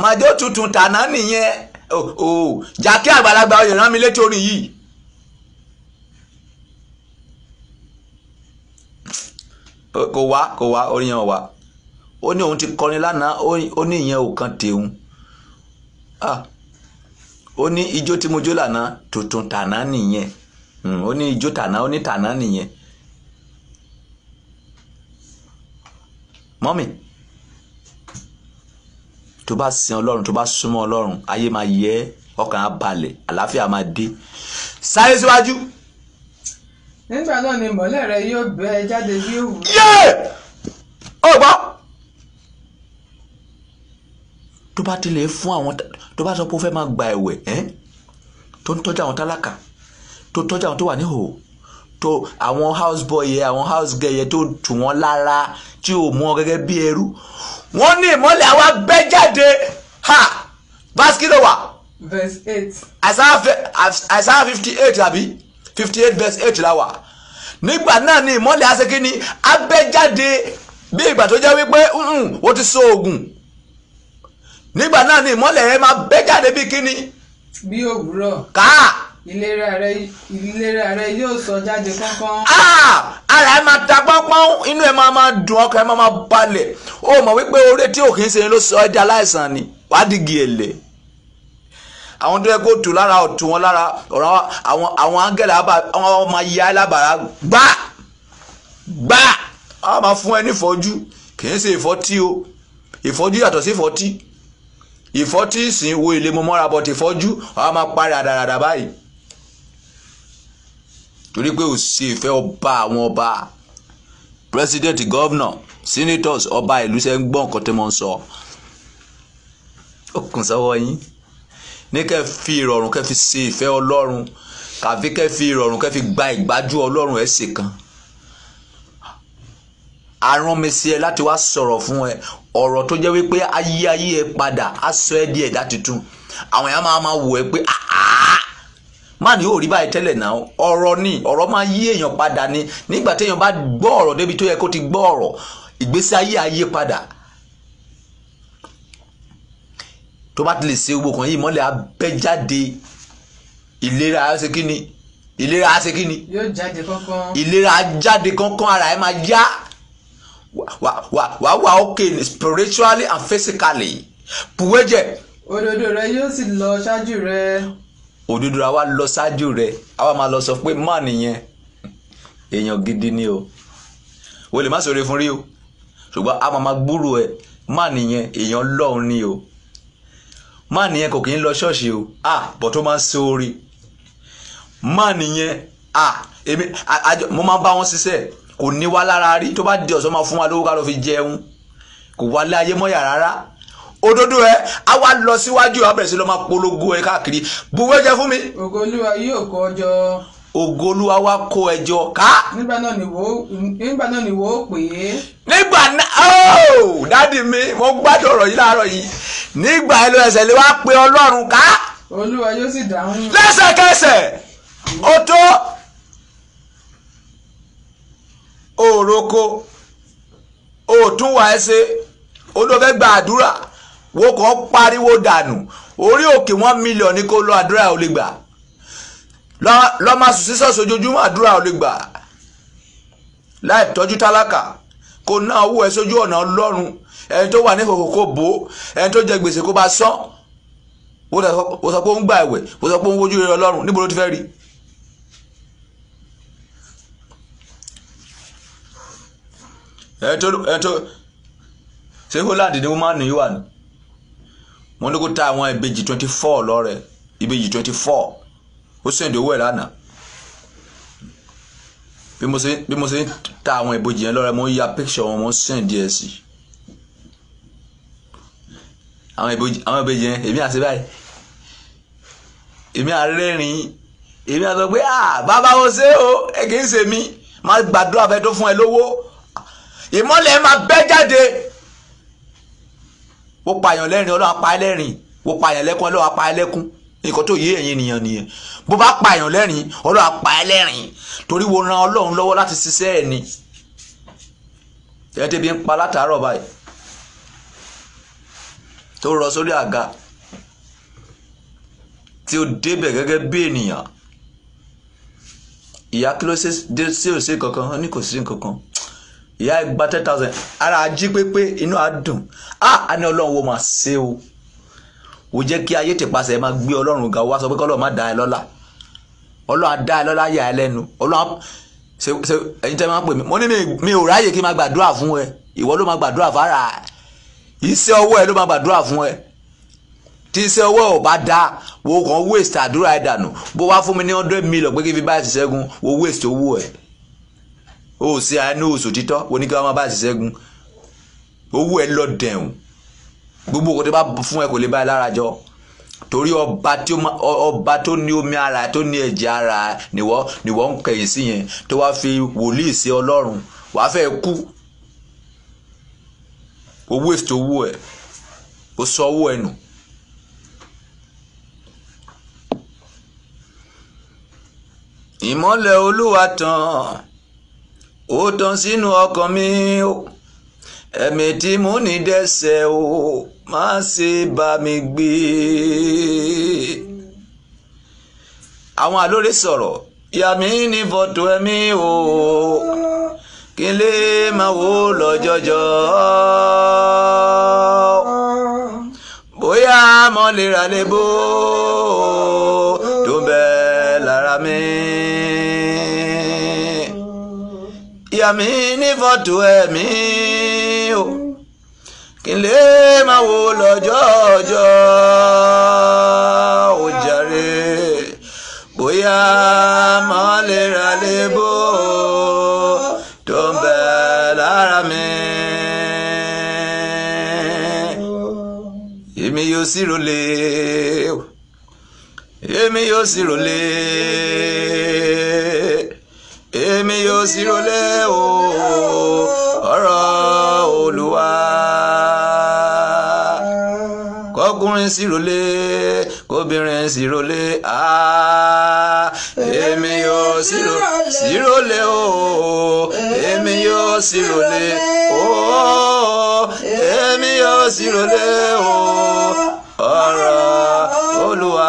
màjọ tuntun tàná nìyẹn jákè àgbàlagbà oyè rán mi létí orin yìí kò wá kò wá orin yẹn ò wá ó ní òun ti kọrin lánàá ó ní ìyẹn ò kan tèun ó ní ijó tí mo jó lánàá tuntun tàná nìyẹn hmm, ó ní ijó tàná ó ní tàná nìyẹn mọ́mì tó bá sin ọlọ́run tó bá súnmọ́ ọlọ́run ayé máa yẹ ọkàn á balẹ̀ àlàáfíà máa dé sáré síwájú nígbà náà ni ìmọ́lẹ̀ rẹ yóò bẹ́ ẹ jáde bí òwúrọ̀. yé ọgbà tó bá tilẹ̀ fún àwọn tó bá sọ pé ó fẹ́ máa gba ẹ̀wẹ̀ ẹ́ tó ń tọ́jú àwọn tálákà tó tọ́jú àwọn tó wà níhòòhò tó àwọn house boy yẹ àwọn house girl yẹ tó tù wọ́n lára tí ò mú wọn gẹ́gẹ́ bí ẹrú wọ́n ní ìmọ́lẹ̀ àwa bẹ́ jáde ha basket over. verse eight. Isaiah fifty eight àbí fifty eight verse eight la wà nígbà náà ni ìmọ́lẹ̀ asekínì abẹ́jáde bí ìgbà tó jẹ́ wípé ó ti so oògùn nígbà náà ni ìmọ́lẹ̀ yẹn máa bẹ́ jáde bí kíni. bí òwúrọ̀. káà. ìlera rẹ ìlera rẹ yóò sọ jáde pọ́npọ́n. ara ẹ máa ta pọ́npọ́n inú ẹ máa máa dùn ọkàn ẹ máa máa balẹ̀ ó mọ̀ wípé oore tí òkè ń ṣe ló sọ ẹ́ di aláìsàn ni wàá di gèlè àwọn tó yẹ kó tù lára ọ̀tún wọn lára ọ̀rọ̀ àwọn àwọn áńgẹ́lì àbá àwọn ọmọ ya alábàárà gbá gbá a máa fún ẹ nífọ̀jú kì í ṣe ìfọ́tí o ìfọ́jú yàtọ̀ sí ìfọ́tí ìfọ́tí ìsìn wo ilé mo mọ́ra bọ̀ tí fọ́jú a máa parí àdàràdà báyìí torí pé ò sí ìfẹ́ ọba àwọn ọba president governor senators ọba ìlú ṣe ń gbọ́ nǹkan tí mo ń sọ ó kùn sọ́wọ́ yín ní kẹ́ fi ìrọ̀rùn kẹ́ fi ṣe ìfẹ́ ọlọ́run kàfi kẹ́ fi ìrọ̀rùn kẹ́ fi gba ìgbájú ọlọ́run ẹ̀ sì kan arán mi sí ẹ láti wá sọ̀rọ̀ fún ẹ ọ̀rọ̀ tó jẹ́ wípé ayé ayé ẹ padà á sọ ẹ di ẹ̀dá tuntun àwọn èèyàn máa máa wò ẹ pé ah, ah, máà ní òrí báyìí tẹ́lẹ̀ náà ọ̀rọ̀ ni ọ̀rọ̀ máa yí èèyàn padà ni nígbà téèyàn bá gbọ́ ọ̀rọ̀ débi tó yẹ kó ti gbọ́ ọ̀rọ̀ ìgbésí ayé ayé padà tó bá ti lè ṣe gbogbo kan yìí mọ́lẹ̀ abẹ́jáde ìlera á ṣe kíni ìlera á ṣe kíni ìlera á jáde kánkán ara ẹ máa yá wàá wà ókè spiritually and physically bùwẹ́jẹ̀. òdodo rẹ yóò sì lọ ṣáájú rẹ. òdodo rẹ wá lọ ṣáájú rẹ àwa máa lọ sọ pé má nìyẹn èèyàn gidi ni o o lè má sọ̀rọ̀ fún rí o ṣùgbọ́n a máa máa gbúrò ẹ̀ má nìyẹn èèyàn lọ́hùn ni o má nìyẹn kò kì í lọ ṣọ́ọ̀ṣì o à bọ̀ tó máa ń ṣe orí má nìyẹn à èmi àjọ mo máa ń bá wọn ṣiṣẹ́ kò ní wá lára rí tó bá di ọ̀sán máa fún wa lówó ká lọ fi jẹun kò wálé ayé mọ́yà rárá òdodo ẹ a wá lọ síwájú a bẹ̀rẹ̀ máa polongo ẹ káàkiri buwẹ́jẹ fún mi. ògo Olúwa yóò kọjọ. ògolúwa wá kó ẹjọ́ ká. nígbà náà ni ni pè é. nígbà náà ooo oh, dádì mi mo gbádùn ọ̀rọ̀ yìí láàárọ̀ yìí nígbà ẹlò ẹsẹ̀ lè wá pe ọlọ́run ká. olúwa yóò sì dáhùn. lẹ́sẹ̀kẹsẹ̀ ó tó òroko òtúnwà ẹsẹ̀ olóòfẹ́ gba àdúrà wo kàn pariwo dànù orí òkè wọn mílíọ̀nù kó lọ àdúrà ò lè gbà. lọ́ọ́ máa sùn sí ṣọ́ọ̀ṣì ojoojúmọ́ àdúrà ò lè gbà láì tọ́jú tálákà kó ná owó ẹ sójú ọ̀nà ọlọ́run ẹni tó wà ní ìhòòhò kó bò ó ẹni tó jẹ gbèsè kó bá sán wò sọ pé ó ń gba ẹ̀wẹ̀ wò sọ pé ó ń wojú rere ọlọ́run níbo ló ti fẹ́ rí. ẹni tó ẹni tó ṣé holland ni woman ni yóò wà ní wọ́n ní kó ta àwọn ìbejì twenty four lọ́rẹ̀ ìbejì twenty four ó sèǹdì owó ẹ̀ lánàá bí mo ṣe bí mo ṣe ń ta àwọn ìbòjì yẹn lọ́rẹ́ mo ń ya picture wọn mo ń sèǹdì ẹ̀ sí àwọn ìbòjì àwọn ìbòjì yẹn èmi àti báyìí èmi àrẹ́rìn èmi àti pé ah bàbá wo ṣe o ẹ kì í ṣe mi máa gbàdúrà fẹ́ tó fún ẹ lówó ìmọ́lẹ̀ máa bẹ́ jáde wọ́n pààyàn lẹ́rìn ọlọ́run apá ẹlẹ́rìn wọ́n pààyàn lẹ́kún ọlọ́run apá ẹlẹ́kún nǹkan tó yé ẹ̀yin ènìyàn nìyẹn bó bá pa èèyàn lẹ́rìn ọlọ́run á pa torí wo ran ọlọ́run lọ́wọ́ láti ṣiṣẹ́ ẹ̀ ni ẹ tẹ́bi ń pa látàárọ̀ báyìí tó rọ sórí àga tí ó débẹ̀ gẹ́gẹ́ bí ènìyàn ìyá kí ló dé sí òsè kankan ó ní kò sí kankan ìyá ẹ gba ten thousand ara ají pépé inú á dùn á á ní ọlọ́run wo màá ṣe o ò jẹ́ kí ayé tìpasẹ̀ máa gbé ọlọ́run ga wá sọ pé kọ́lọ́ má dá ẹ lọ́lá ọlọ́run á dá ẹ lọ́lá yà ẹ lẹ́nu ọlọ́run ṣe ṣe ẹ̀yin tẹ́ máa ń pè mí mo ní mi ò ráyè kí n máa gbàdúrà fún ẹ ìwọ ló máa gbàdúrà fara iṣẹ́ ọwọ́ ẹ ló máa gbàdúrà fún ẹ tí iṣẹ́ ọwọ́ ò bá dáa wo kàn waste àdúrà ẹ dànù bó wá fún mi ní hundred million pé kí n fi báyìí ṣiṣẹ́gun wo waste owó ẹ o ṣe àánú oṣù títọ́ oníkẹ́ wọn máa báyìí ṣiṣẹ́gun owó ẹ lọ dẹ̀hùn gbogbo òkòtò bá fún ẹ kò lè bá ẹ lára jọ torí ọba tó ní omi ara tó ní ẹ̀jẹ̀ ara nìwọ nìwọ ń kẹ̀yìn sí yẹn tó wá fi wòlíì sí ọlọ́run wàá fẹ́ kú owó ètò owó ẹ̀ ó sọ owó ẹ̀ nù. ìmọ́lẹ̀ olúwa tàn ó tàn sínú ọkàn mi ẹ̀mí tí mo ní dẹ́ṣẹ̀ o má ṣe bá mi gbé. àwọn àlórí sọ̀rọ̀ yàmí ní fọ́tò ẹ̀mí o kí n lè máa wò lọ́jọ́jọ́ bóyá mo lè ra lébó tó ń lára mi. yàmí ní fọ́tò ẹ̀mí o kí n lè máa wò lọ́jọ́ ọjọ́ ò jàre bóyá máa lè ra lébò tó ń bẹ lára mi. èmi yóò sì rọlé èmi yóò sì rọlé èmi yóò sì rọlé ọ̀rọ̀ Olúwa. kóbìnrin sì rólé kóbìnrin sì rólé áá ah, èmi yóò sì rólé o èmi yóò sì rólé o èmi yóò sì rólé o ọ̀rọ̀ Olúwa.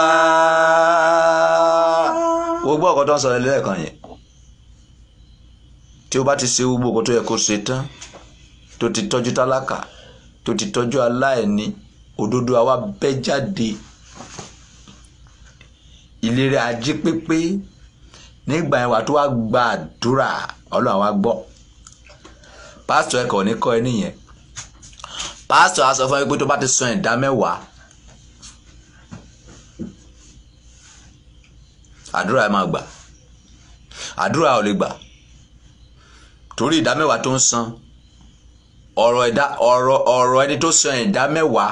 gbogbo ọkọ̀ tó ń sọ̀rọ̀ lẹ́ẹ̀kan yẹn tí o bá ti ṣe gbogbo ọkọ̀ tó yẹ kó ṣe tán tó ti tọ́jú tálákà tó ti tọ́jú aláìní òdodo àwa bẹ́ jáde ìlera ajé pépé nígbà yẹn wà tó wá gba àdúrà ọlọ́run àwa gbọ́ pásítọ̀ ẹ̀kọ́ ní kọ́ ẹ nìyẹn pásítọ̀ á sọ fún mi pé tó bá ti san ìdá mẹ́wàá àdúrà ẹ máa gbà àdúrà ò lè gbà torí ìdá mẹ́wàá tó ń san ọ̀rọ̀ ẹni tó san ìdá mẹ́wàá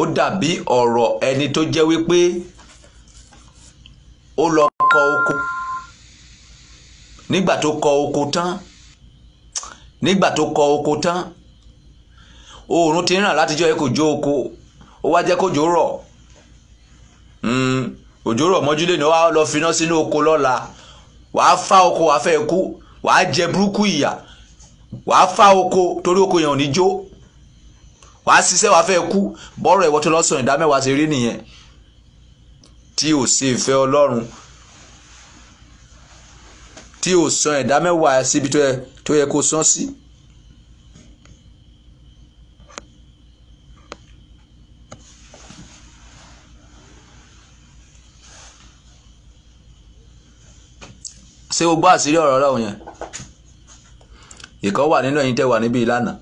ó dàbí ọ̀rọ̀ ẹni tó jẹ́ wípé ó lọ kọ oko nígbà tó kọ oko tán nígbà tó kọ oko tán oòrùn ti ń ràn látijọ́ yìí kò jó oko ó wá jẹ́ kójò rọ̀ hmm, òjò rọ̀ mọ́júlé ni wàá lọ finá sínú oko lọ́la wàá fá oko wàá fẹ́ kú wàá jẹ burúkú ìyà wàá fá oko torí oko yẹn ò ní jó wàá ṣiṣẹ́ wàá fẹ́ kú bọ́rọ̀ ẹ̀wọ́ tó lọ́sàn ìdá mẹ́wàá ṣe rí nìyẹn tí ò ṣe ìfẹ́ ọlọ́run tí ò san ìdá mẹ́wàá síbi tó yẹ kó san sí. ṣé o gbọ́ àṣírí ọ̀rọ̀ ọlọ́run yẹn ìkan wà nínú ẹ̀yin tẹ́ wà níbí ìlànà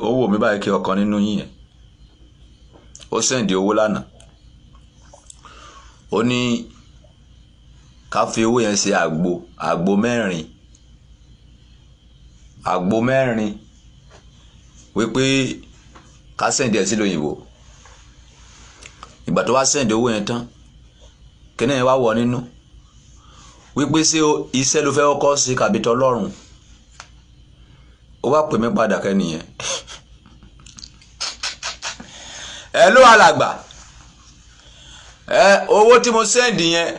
ó wò mí báyìí kí ọ̀kan nínú yín yẹn ó sẹ́ǹdì owó lánàá ó ní ká fi owó yẹn ṣe àgbo àgbo mẹ́rin àgbo mẹ́rin wípé ká sẹ́ǹdì ẹ̀ sí lóyìnbó ìgbà tó wá sẹ́ǹdì owó yẹn tán kíní yẹn wá wọ nínú wípé ṣé iṣẹ́ ló fẹ́ kọ́ sí kàbí tọlọ́run ó bá pè mí padà kẹ́niyẹn. ẹ ló alàgbà ẹ owó tí mo sẹ́ǹdì yẹn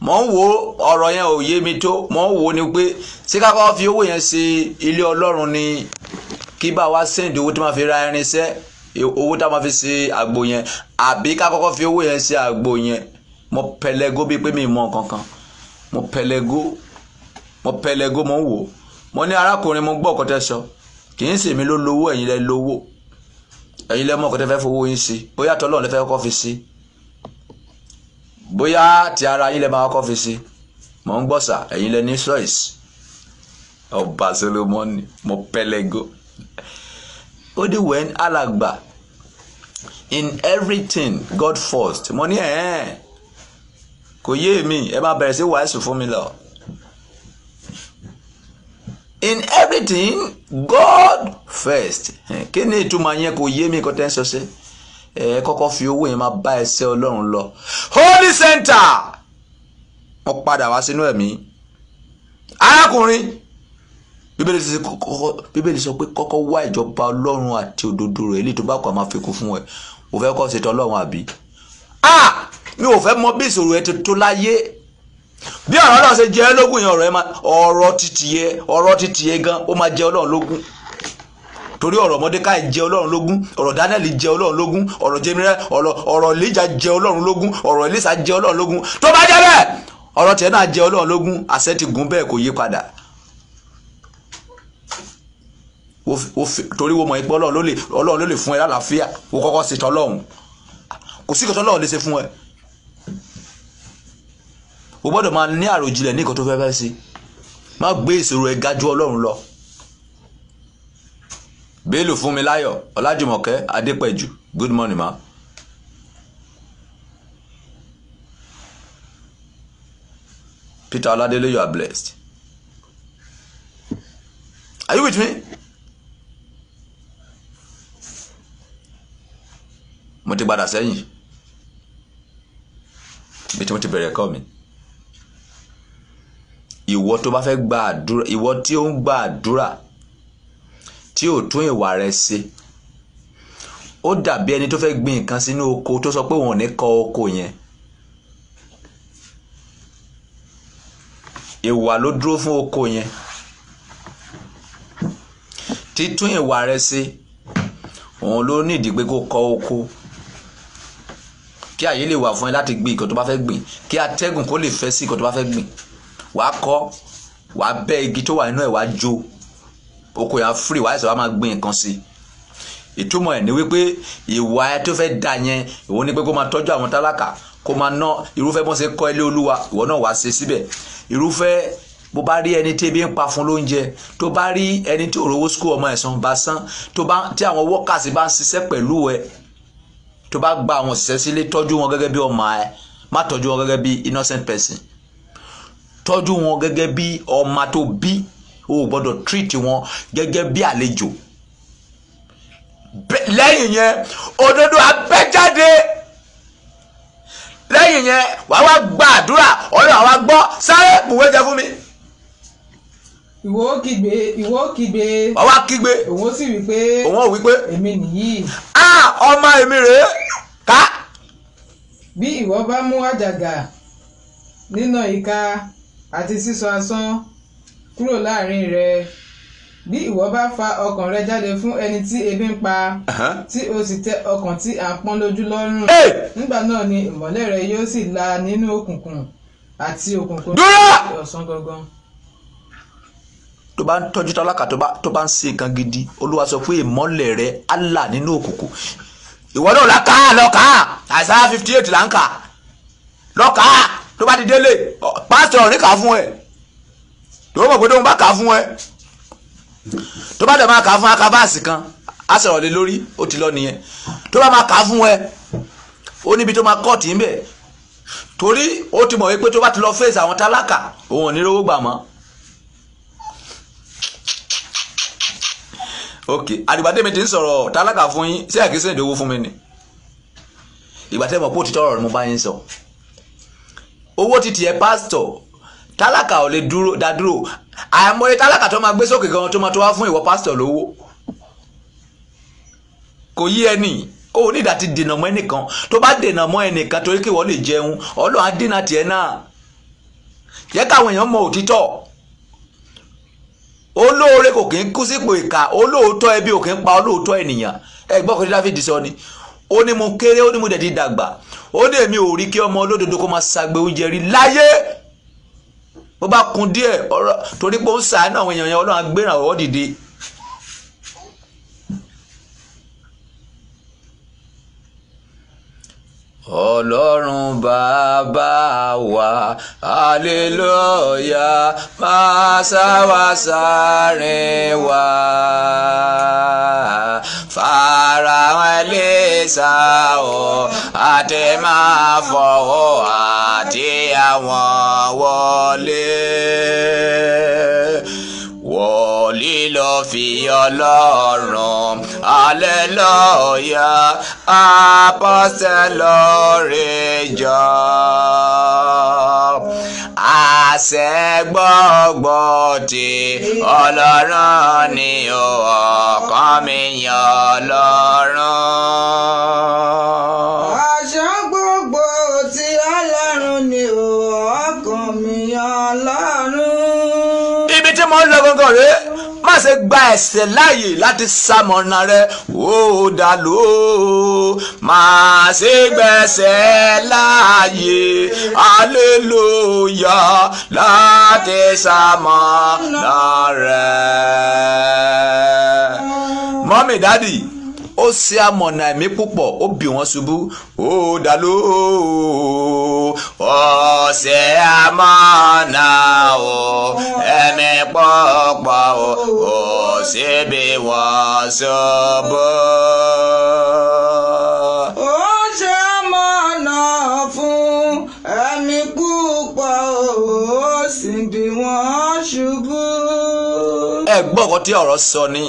mọ̀ ń wo ọ̀rọ̀ yẹn ò yé mi tó mọ̀ ń wo ni pé ṣé kákọ́ fi owó yẹn ṣe ilé ọlọ́run ni kí bá wa sẹ́ǹdì owó tí wọ́n fi ra irinṣẹ́ owó tá a máa fi ṣe àgbo yẹn àbí ká kọ́kọ́ fi owó yẹn ṣe àgbo yẹn mo pẹlẹgó bíi pé mi mọ kankan mo pẹlẹgó mo pẹlẹgó mo ń wò ó mo ní arákùnrin mo gbọ́ ọ̀kọ́tẹ́ sọ kì í ṣèmi ló lówó ẹ̀yin lẹ lówó ẹ̀yin lẹ mọ̀ ọ̀kọ́tẹ́ fẹ́ fowó yín sí bóyá tọ́lọ́run lẹ fẹ́ kọ́ fi sí bóyá ti ara yín lẹ máa kọ́ fi sí mò ń gbọ́sà ẹ̀yin lẹ ní choice ọba Solomoni mo pẹlẹgo ó dì wẹ́n alàgbà in everything God first mo ní ẹ̀ẹ́n kò yé mi ẹ bá bẹ̀rẹ̀ sí wàásù fún mi lọ in everything God first eh, kí ni ìtumọ̀ yẹn kò yé mi kò tẹ́ ń sọ sí ẹ eh, kọ́kọ́ fi owó yẹn máa bá ẹsẹ̀ Ọlọ́run lọ holy center wọ́n padà wá sínú ẹ̀mí arákùnrin bíbélì sọ pé kọ́kọ́ wá ìjọba Ọlọ́run àti òdodo rẹ̀ eléyìí tó bá kọ́ máa fi kún fún ẹ òfẹ́ kọ́ ṣe tọ́ Ọlọ́run àbí ah! mi ò fẹ́ mọ bí ìṣòro ẹ ti tó láyé bí ọ̀rọ̀ náà ṣe jẹ́ ẹ́ lógún yẹn ọ̀rọ̀ ẹ máa ọ̀rọ̀ títì yẹ ọ̀rọ̀ títì yẹ gan ó máa jẹ́ ọlọ́run lógún torí ọ̀rọ̀ mọ́dékáì jẹ́ ọlọ́run lógún ọ̀rọ̀ dánẹ́lì jẹ́ ọlọ́run lógún ọ̀rọ̀ jẹmírẹ́ ọ̀rọ̀ ọ̀rọ̀ lẹ́jà jẹ́ ọlọ́run lógún ọ̀rọ̀ ẹlẹ́sà jẹ́ ọlọ́run lógún tó bá jẹ́ bẹ́ẹ̀ ọ̀rọ̀ tiẹ̀ náà jẹ́ ọlọ́run lógún àṣẹ ti gùn bẹ́ẹ̀ kò yí padà torí wo mọ̀ ipò ọlọ́run ló lè fún ẹ lálàáfíà wo kọ́kọ́ ṣètọ́ ọlọ́run kò sí kòtọ́ ọlọ́run lè ṣe fún ẹ o gbọ́dọ̀ máa ní àròjinlẹ̀ ní nǹkan tó fẹ́ fẹ́ má gbé ìṣòro ẹ̀ ju ọlọ́run lọ. Bello Fúnmiláyọ̀ Ọlájùmọ̀kẹ́ Adépẹ̀jù good morning ma. Peter Oladele you are blessed. Are you with me? mo ti padà sẹ́yìn bí tí mo ti bẹ̀rẹ̀ kọ́ mi ìwọ tó bá fẹ́ gba àdúrà ìwọ tí ó ń gba àdúrà tí ò tún ìwà rẹ̀ ṣe ó dàbí ẹni tó fẹ́ gbin nǹkan sínú oko tó sọ pé òun ò ní kọ oko yẹn ìwà ló dúró fún oko yẹn títún ìwà rẹ ṣe òun ló nídìí pé kó kọ oko kí àyè lè wà fún ẹ láti gbin nǹkan tó bá fẹ́ gbìn kí atẹ́gùn kó lè fẹ́ sí nǹkan tó bá fẹ́ gbìn wàá kọ́ wàá bẹ́ igi tó wà nínú ẹ̀ wàá jó oko yà free wàá ṣẹ̀ṣẹ̀ wàá máa gbin nǹkan sí ìtumọ̀ ẹ̀ ni wípé ìwà ẹ tó fẹ́ dà yẹn ìwọ ni pé kó máa tọ́jú àwọn tálákà kó máa ná irúfẹ́ bọ́n ṣe kọ́ ilé olúwa ìwọ náà wàá ṣe síbẹ̀ irúfẹ́ bó bá rí ẹni tí ebi ń pa fún lóúnjẹ tó bá rí ẹni tí òrówó skul ọmọ ẹ̀sán bá san tí àwọn wọ́kàsí bá ń ṣiṣẹ́ pẹ̀lú ẹ tó bá gba àwọn òṣìṣẹ́ sílé tọ́jú wọn gẹ́gẹ́ bí ọmọ ẹ má tọ́jú wọn gẹ́gẹ́ bí innocent person tọ́jú wọn gẹ́gẹ́ bí ọmọ tó bí o gbọ́dọ̀ treat wọn gẹ́gẹ́ bí àlejò lẹ́yìn yẹn òdodo abẹ́jáde lẹ́yìn yẹn wàá wá gba àdúrà ọ̀rọ̀ àwa gbọ́ sáré bùwé jẹ fún mi. ìwọ ó kígbe ìwọ ó kígbe. wàá wá kígbe. òun ó sì wí pé. òun ó wí pé. èmi nìyí. a ọmọ èmi rèé ká. bí ìwọ bá mú àjàgà nínà ìka àti sísọ asán kúrò láàrin rẹ bí ìwọ bá fa ọkàn rẹ jáde fún ẹni tí ebi ń pa tí o sì tẹ ọkàn tí à ń pọ́n lójú lọ́rùn nígbà náà ni ìmọ́lẹ̀ rẹ yóò sì la nínú òkùnkùn àti òkùnkùn ní ọ̀sán gangan tó bá ń tọ́jú tálákà tó bá ń ṣe nǹkan gidi olúwa sọ pé ìmọ́lẹ̀ rẹ Allah nínú òkùnkùn ìwọ náà lọ́kà lọ́kà àìsàn fifty eight là ń kà lọ́kà tó bá ti délé pásítọ̀ ní kà fún ẹ tó mọ̀ pé tó ń bá kà fún ẹ tó bá dẹ̀ máa kà fún akabáàsì kan á sọ̀rọ̀ lé lórí ó ti lọ nìyẹn tó bá máa kà fún ẹ ó níbi tó máa kọ́ọ̀tì ń bẹ̀ torí ó ti mọ̀ wípé tó bá ti lọ fèsì àwọn tálákà òun ò ní rówó gbà mọ́. ok àdìgbàdé mi ti ń sọ̀rọ̀ tálákà fún yín sí àkíyèsí ìdòwò fún mi ni ìgbà tẹ́ mọ̀ pé òtítọ́ ọ̀rọ̀ ni mo bá yín sọ. So owó ti tiẹ̀ pásítọ̀ tálákà ò lè dúró dá dúró àìmọye tálákà tó máa gbé sókè gan tó máa tó wá fún ìwọ pásítọ̀ lówó kò yí ẹni ó ní ìdá ti dènà mọ́ ẹnìkan tó bá dènà mọ́ ẹnìkan torí kí wọ́n lè jẹun ọlọ́run á tiẹ̀ náà yẹ káwọn èèyàn mọ òtítọ́ olóore kò kí ń kú sípò ìka olóòótọ́ ẹbí ò kí ń pa olóòótọ́ ènìyàn ẹgbọ́n kan tí dáfídì sọ ni ó ní mo kéré ó ní mo dẹ̀ ti dàgbà ó dè mí ò rí kí ọmọ olódodo kó máa ṣàgbé oúnjẹ rí láyé bó bá kun díẹ̀ ọ̀rọ̀ torí pé ó ń ṣàánú àwọn èèyàn yẹn ọlọ́run agbéràn ọ̀wọ́ dìde ọlọ́run bàbá wa hallelúyà máa sáwá sáárín wa farahàn ẹlẹ́sà ọ̀ àti máa fọwọ́ àti àwọn wọlé lílọ fi ọlọ́run aleluya apọ́sẹ̀ lọ́ọ̀rẹ́ jọ. àṣẹ gbọ́gbọ́ ti ọlọ́run ni ọkàn mi yan ọlọ́run. ti ọlọ́run ni ọkàn mi yan ibi tí mo ń lọ gangan rèé má ṣe gba ẹ̀ṣẹ̀ láàyè láti ṣamọ̀nà rẹ ó dà ló má ṣe gbẹ̀ṣẹ̀ láàyè aleluya láti ṣamọ̀nà rẹ. mọ́mí dádì ó ṣe amọ̀nà ẹ̀mí púpọ̀ ó bì wọ́n ṣubú ó dàlú ó ṣe amọ̀nà ó ẹ̀mí púpọ̀ ó ṣe bí wọ́n ṣubú. bí wọ́n ṣubú. ẹ gbọ́ ọ̀rọ̀ tí ọ̀rọ̀ sọ ni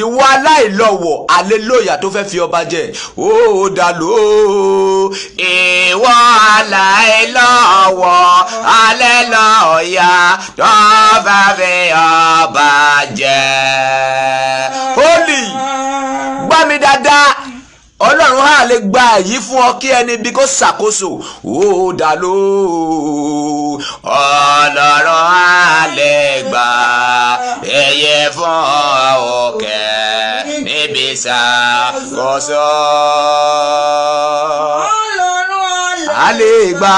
ìwọ aláìlọ́wọ̀ àlelóyà tó fẹ́ fi ọba jẹ ó dà ló. ìwọ aláìlọ́wọ̀ àlelóyà tó fẹ́ fi ọba jẹ. holy gbá mi dáadáa ọlọ́run á lè gba èyí fún ọ kí ẹni bí kò ṣàkóso ó dá ló ọlọ́run á lè gba èyí fún ọ kẹ́ níbi ṣàkóso. A lè gba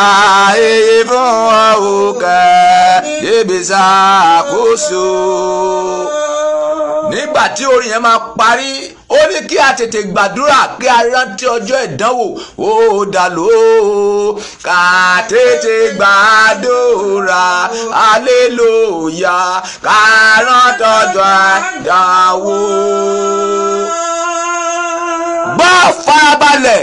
èyí fún ọ kẹ́ níbi ṣàkóso nígbà tí orin yẹn máa parí ó ní kí a tètè gbàdúrà kí a rántí ọjọ́ ìdánwò ó dà ló ká tètè gbàdúrà hallelúyà ká rántí ọjọ́ ìdánwò. gbọ́ farabalẹ̀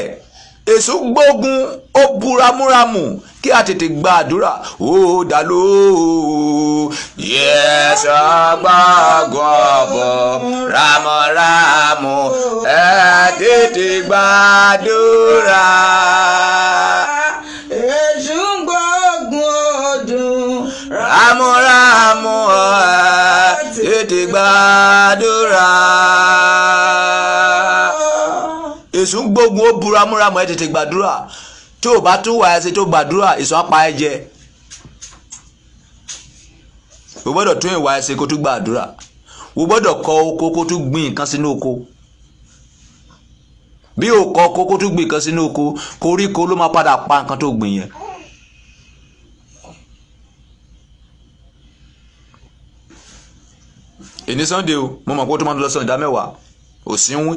èṣù gbógun ó bu ramúramù kí a tètè gba àdúrà ó dá lóò yẹsọ gbọgbọ bọ ramọramọ ẹ tètè gbàdúrà. èṣù gbógun ọdún ramúramọ ẹ tètè gbàdúrà èṣù ń gbógun ó búra múramù ẹ tètè gbàdúrà tó o bá tún wà ẹ ṣe tó gbàdúrà èṣù á ẹ jẹ o gbọ́dọ̀ tún ìwà ẹ ṣe kó tún gbàdúrà o gbọ́dọ̀ kọ oko kó tún gbìn nǹkan sínú oko bí o kọ oko kó tún gbìn nǹkan sínú oko koríko ló máa padà pa nǹkan tó gbìn yẹn. èní Sunday o mo mọ̀ pé ó tún máa ń lọ sọ ìdá mẹ́wàá ò sí ń wí.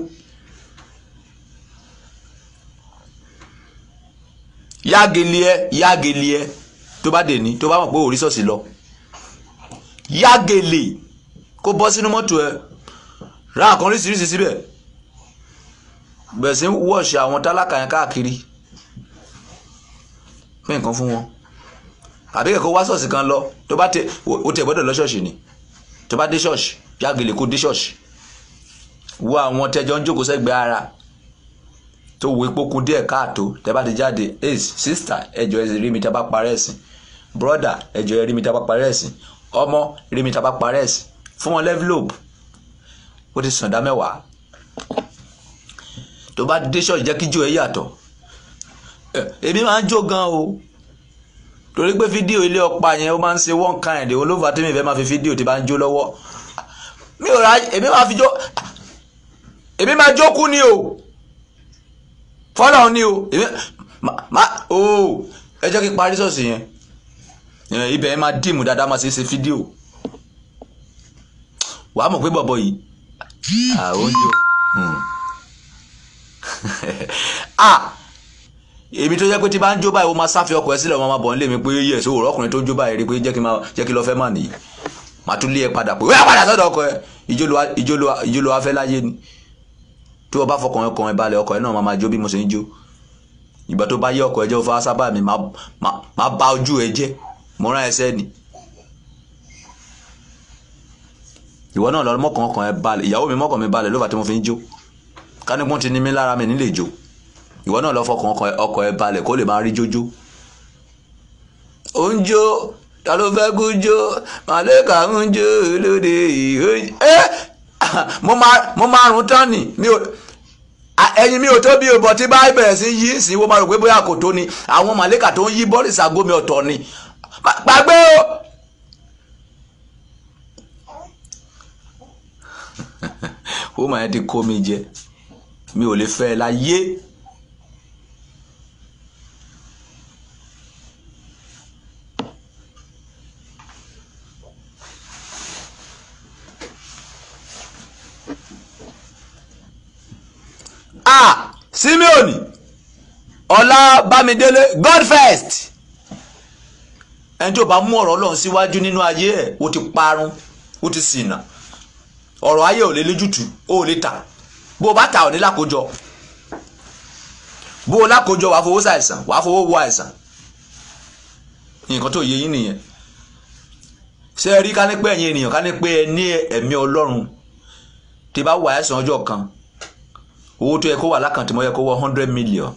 yágeli ẹ yágeli ẹ tó bá dè ní tó bá mọ̀ pé òrí lọ yágeli kó bọ́ sínú mọ́tò ẹ ra nǹkan oríṣiríṣi síbẹ̀ bẹ̀sẹ̀ wọ́ọ̀ṣì àwọn tálákà yẹn káàkiri pé nǹkan fún wọn àbí kẹ̀kọ́ wá ṣọ́ọ̀ṣì kan lọ tó bá tẹ o tẹ gbọ́dọ̀ lọ ṣọ́ọ̀ṣì ni tó bá dé ṣọ́ọ̀ṣì yágeli kó dé ṣọ́ọ̀ṣì wo àwọn tẹjọ ń jókòó sẹ́gbẹ̀ẹ́ ara tó wo epo kun díẹ̀ káàtó tẹ́ bá ti jáde ace sister ẹjọ́ ẹ rí mi tá a bá parẹ́ ẹ̀sìn brother ẹjọ́ ẹ rí mi tá a bá parẹ́ ẹ̀sìn ọmọ rí mi tá a bá parẹ́ ẹ̀sìn fún wọn lẹ́fílòpù ó ti sàn dá mẹ́wàá tó bá dé ṣọ́ọ̀ṣì jẹ́ kí jó ẹ yàtọ̀ èmi máa ń jó gan o torí pé fídíò ilé ọ̀pá yẹn ó máa ń ṣe one kind òun ló fà á tẹ́mi ìfẹ́ máa fi fídíò tí bá ń jó lọ́wọ́ mi ò ra èmi máa fi jó èmi máa jókú ni o fọ́lọ́run ni o èmi má o ẹ jẹ́ kí n parí ṣọ́ọ̀ṣì yẹn ibẹ̀ ẹ máa dìmú dáadáa máa ṣe é ṣe fídíò wàá mọ̀ pé bọ̀bọ̀ yìí oúnjẹ hmm. ah [laughs] èmi tó jẹ́ pé tí bá ń jó báyìí ó máa sáfì ọkọ̀ ẹ sílẹ̀ ọmọ máa bọ̀ nílé mi pé yẹ̀ sí òwúrọ̀ ọkùnrin tó jó báyìí rí pé jẹ́ kí lọ fẹ́ mà nìyí màá tún lé ẹ padà pé wíwá padà sọ́dọ̀ ọkọ ẹ ìjóló afẹ́ láyé ni tí wọ́n bá fọkàn ọkàn balẹ̀ ọkọ̀ ẹ náà máa jó bí mo ṣe ń jó ìgbà tó bá yé ọkọ̀ ẹ jẹ́ òfin sábà mi máa bá ojú ẹ jẹ́ mo rán ẹsẹ̀ ni. ìwọ náà lọ mọ́kàn ọkàn ẹ balẹ̀ ìyàwó mi mọ́kàn mi balẹ̀ ló fà tí mo fi ń jó kánípọ́n ti ní mí lára mi nílé jó ìwọ náà lọ fọkàn ọkọ̀ ẹ balẹ̀ kó lè máa rí jójó. ó ń jó ta ló fẹ́ kú jó màlẹ́kà ń jó lóde ìhó ẹ́ [laughs] mo máa rún tán ni mi ò ẹyin mi ò tó bí ìbọn tí báyìí bẹ̀rẹ̀ sí yí sí wọ́n máa rò pé bóyá kò tó ni àwọn màlẹ́kà tó ń yí bọ́rìṣà gómi ọ̀tọ̀ ni gbàgbé o. ó [laughs] máa ti kó mi jẹ mi ò lè fẹ́ ẹ láyé. Ah, Simeon! ọlá bámidélé god first ẹni tí ò bá mú ọ̀rọ̀ ọlọ́run síwájú nínú ayé ẹ̀ ó ti parun ó ti ṣìnà ọ̀rọ̀ ayé ò lè lójútùú ó lè tà bó o bá tà ò ní lákòjọ bó o lákòjọ wàá fowó ṣàìsàn wàá fowó wo àìsàn nǹkan tó yẹ yín nìyẹn ṣé ẹ rí ká ní pé ẹ̀yin ènìyàn ká ní pé ẹ ní ẹ̀mí ọlọ́run tí bá wà àìsàn ọjọ́ kan owó tó yẹ kó wà lákàntì mọ́ yẹ kó wọ hundred million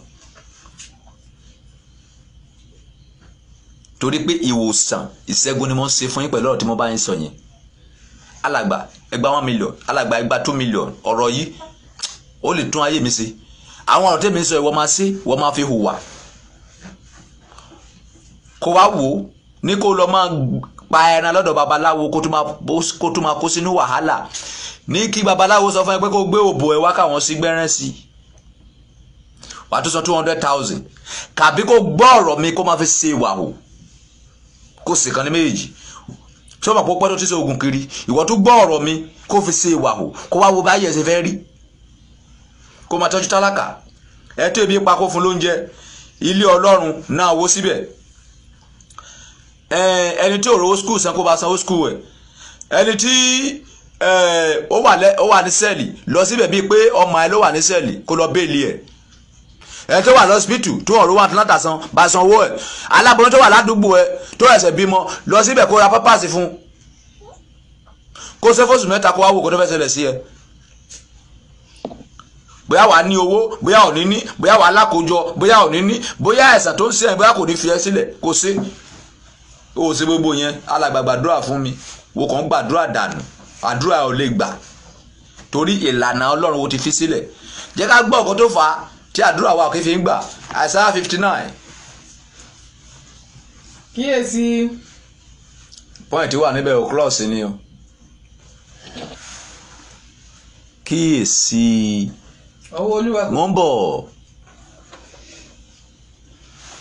torí pé ìwòsàn ìṣẹ́gun ni mo ń ṣe fún yín pẹ̀lú ọ̀rọ̀ tí mo bá yín sọ yẹn alàgbà ẹgbàá one million alàgbà ẹgbàá two million ọ̀rọ̀ yìí ó lè tún ayé mi ṣe àwọn ọ̀rọ̀ tẹ́mi sọ ìwọ máa ṣe ìwọ máa fi hùwà kó wá wò ó ní kó lọ máa pa ẹran lọ́dọ̀ babaláwo kó tún máa kó sínú wàhálà ní kí babaláwo sọ fún ẹ pé kó gbé òbò ẹ wá káwọn sí gbẹ́rẹ́ sí i wàá tún sọ two hundred thousand kàbí kó gbọ́ ọ̀rọ̀ mi kó máa fi ṣe ìwà o kó sì kan ní méjì tí wọ́n bá pọ́ pẹ́ tó ti ṣe oògùn kiri ìwọ tún gbọ́ ọ̀rọ̀ mi kó fi ṣe ìwà o kó wá wo báyìí ẹ̀sẹ̀ fẹ́ rí kó máa tọ́jú tálákà ẹ tó ebi pa kó fún lóúnjẹ ilé ọlọ́run náà wó síbẹ̀ ẹni tí ò rówó san kó bá sanwó skul ẹ ẹni tí Eh, ó wà ní sẹ́ẹ̀lì lọ síbẹ̀ bíi pé ọmọ ẹ ló wà ní sẹ́ẹ̀lì kó lọ béèlì ẹ̀ ẹ tó wà lọ́sibítù tó ọ̀rọ̀ wà tán látàsán bá san owó ẹ̀ aláboyún tó wà ládùúgbò ẹ tó ẹ̀sẹ̀ bímọ lọ síbẹ̀ kó ra pápásì fún kó ṣe fóṣù mẹ́ta kó wá wò kó tó fẹ́ ṣẹlẹ̀ sí ẹ bóyá wàá ní owó bóyá ò ní ní bóyá wàá lákòójọ bóyá ò ní ní bóyá ẹ̀sà tó ń ṣe ẹ̀ bóyá kò ní fi ẹ́ sílẹ̀ kó ṣe ó ṣe gbogbo yẹn alàgbàgbàdúrà fún mi wò kàn gbàdúrà dànù àdúrà ò lè gbà torí ìlànà ọlọ́run ó ti fi sílẹ̀ jẹ́ ká gbọ́ ọ̀kan tó fà á tí àdúrà wa kì í fi ń gbà àìsàn fifty nine. kíyèsí. pọ́ìntì wà níbẹ̀ ò klọ́ọ̀sì ni o. kíyèsí. ọwọ́ olúwa kò. mo ń bọ̀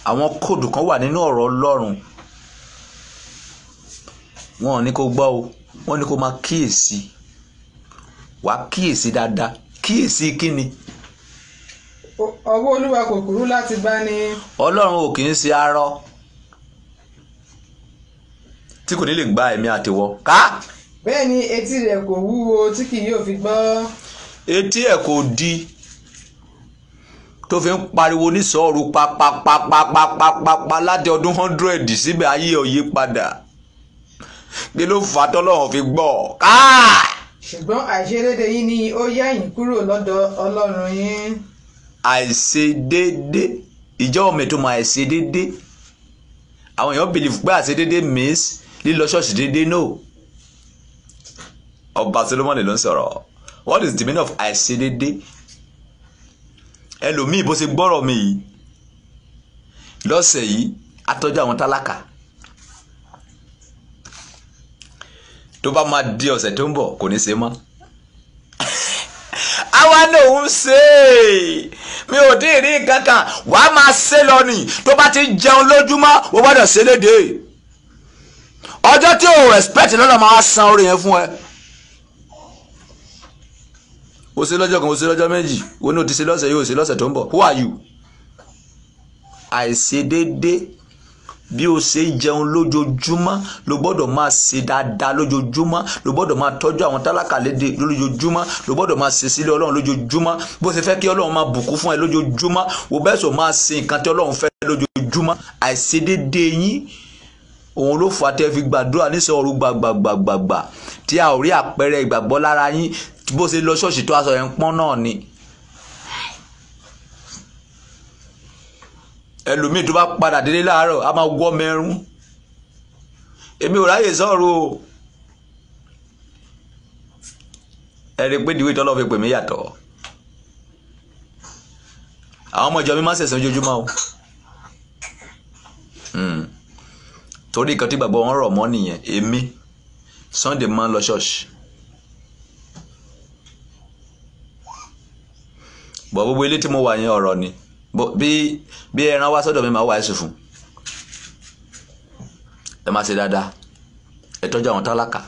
àwọn kóòdù kan wà nínú ọ̀rọ̀ ọlọ́run wọn ò ní kó gbọ́ o wọ́n ní kó máa kíyèsí wà á kíyèsí dáadáa kíyèsí kíni. ọwọ́ olúwa kò kúrú láti bá ní. ọlọ́run ò kì í ṣe arọ tí kò ní lè gba ẹ̀mí àtiwọ ká. bẹ́ẹ̀ ni etí rẹ̀ kò wúwo tí kì yóò fi gbọ́. etí ẹ̀ kò di tó fi ń pariwo nísọ̀ọ́rù papapapapapapa láti ọdún hundred síbẹ̀ ayé ọ̀yẹ́ padà ni ló fà á tọ́lọ́run fi gbọ́ káà ṣùgbọ́n àìṣedéédé yín ni ó yá yín kúrò lọ́dọ̀ ọlọ́run yín. àìṣedéédé ìjọ mẹtọmọ àìṣedéédé àwọn èèyàn believe pé àìṣedéédé means lílọ ṣọ́ọ̀ṣì déédé no ọba Solomoni ló ń sọ̀rọ̀ what is the meaning of àìṣedéédé ẹlòmíì bó ṣe gbọ́rọ̀ mi yìí lọ́sẹ̀ yìí atọ́jú àwọn tálákà tó bá máa di ọ̀sẹ̀ tó ń bọ̀ kò ní ṣe mọ́ [laughs] àwa náà ń ṣe é mi ò dín ìrí nǹkan kan máa ṣe lọ nì tó bá ti jẹun lójúmọ́ wọ́n gbọ́dọ̀ ṣe léde ọjọ́ tí o respect lọ́nà máa san orí yẹn fún ẹ o ṣe lọ́jọ́ kan o ṣe lọ́jọ́ méjì o ní o ti ṣe lọ́sẹ̀ yìí o ṣe lọ́sẹ̀ tó ń bọ̀ who are you àìṣedéédéé bí o ṣe ń jẹun lójoojúmọ́ ló gbọ́dọ̀ máa ṣe dáadáa lójoojúmọ́ ló gbọ́dọ̀ máa tọ́jú àwọn tálákà léde lójoojúmọ́ ló gbọ́dọ̀ máa ṣe sílé ọlọ́run lójoojúmọ́ bó ṣe fẹ́ kí ọlọ́run máa bùkún fún ẹ lójoojúmọ́ wo bẹ́ẹ̀ sọ máa ṣe nǹkan tí ọlọ́run fẹ́ lójoojúmọ́ àìṣedédé yín òun ló fà tẹ́ fi gbàdúrà nísọ̀rọ̀ gbàgbàgbàgbà tí a ò rí àpẹẹrẹ ìgbàgbọ́ lára yín bó ṣe lọ ṣọ́ọ̀ṣì tó aṣọ yẹn pọ́n náà ni ẹlòmíì tó bá padà délé láàárọ̀ a máa wọ́ mẹ́rún èmi ò ráyè sọ̀rọ̀ o ẹ rí i pé ìdíwé tọ́lọ́ fi pè mí yàtọ̀ àwọn ọmọ ìjọ mi máa ń ṣẹ̀sìn ojoojúmọ́ o hmm. torí nǹkan tí bàbá wọn rọ̀ mọ́ nìyẹn èmi Sunday máa ń lọ ṣọ́ọ̀ṣì bọ̀ gbogbo ilé tí mo wà yẹn ọ̀rọ̀ ni bí bí ẹran wá sọ́dọ̀ mi máa wà ẹ́ sùn fún ẹ máa ṣe dáadáa ẹ tọ́jú àwọn tálákà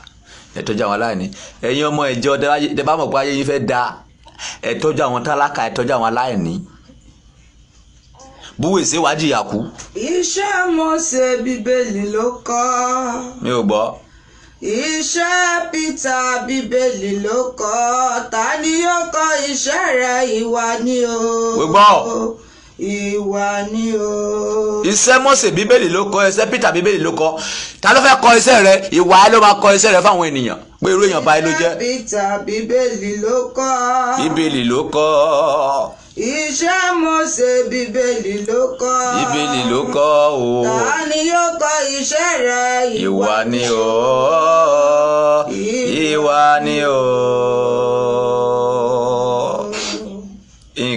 ẹ tọ́jú àwọn aláìní ẹ̀yin ọmọ ìjọ tẹ mọ̀ pé ayé yín fẹ́ da ẹ tọ́jú àwọn tálákà ẹ tọ́jú àwọn aláìní búwèé ṣe wá jìyà kú. iṣẹ́ Mósè bíbélì ló kọ́. mi ò gbọ́. Iṣẹ́ Pítà Bíbélì ló kọ́ ta ni yóò kọ́ iṣẹ́ rẹ̀ ìwà ni o. gbogbo ìwà ni o. iṣẹ́ Mósè bíbélì ló kọ iṣẹ́ Peter bíbélì ló kọ ta ló fẹ́ kọ iṣẹ́ rẹ ìwà ló máa kọ iṣẹ́ rẹ fáwọn ènìyàn pé irú èèyàn báyìí ló jẹ́. Peter bíbélì ló kọ. bíbélì ló kọ. iṣẹ́ Mósè bíbélì ló kọ. bíbélì ló kọ o. ta ni yóò kọ iṣẹ́ rẹ ìwà ni o. ìwà ni o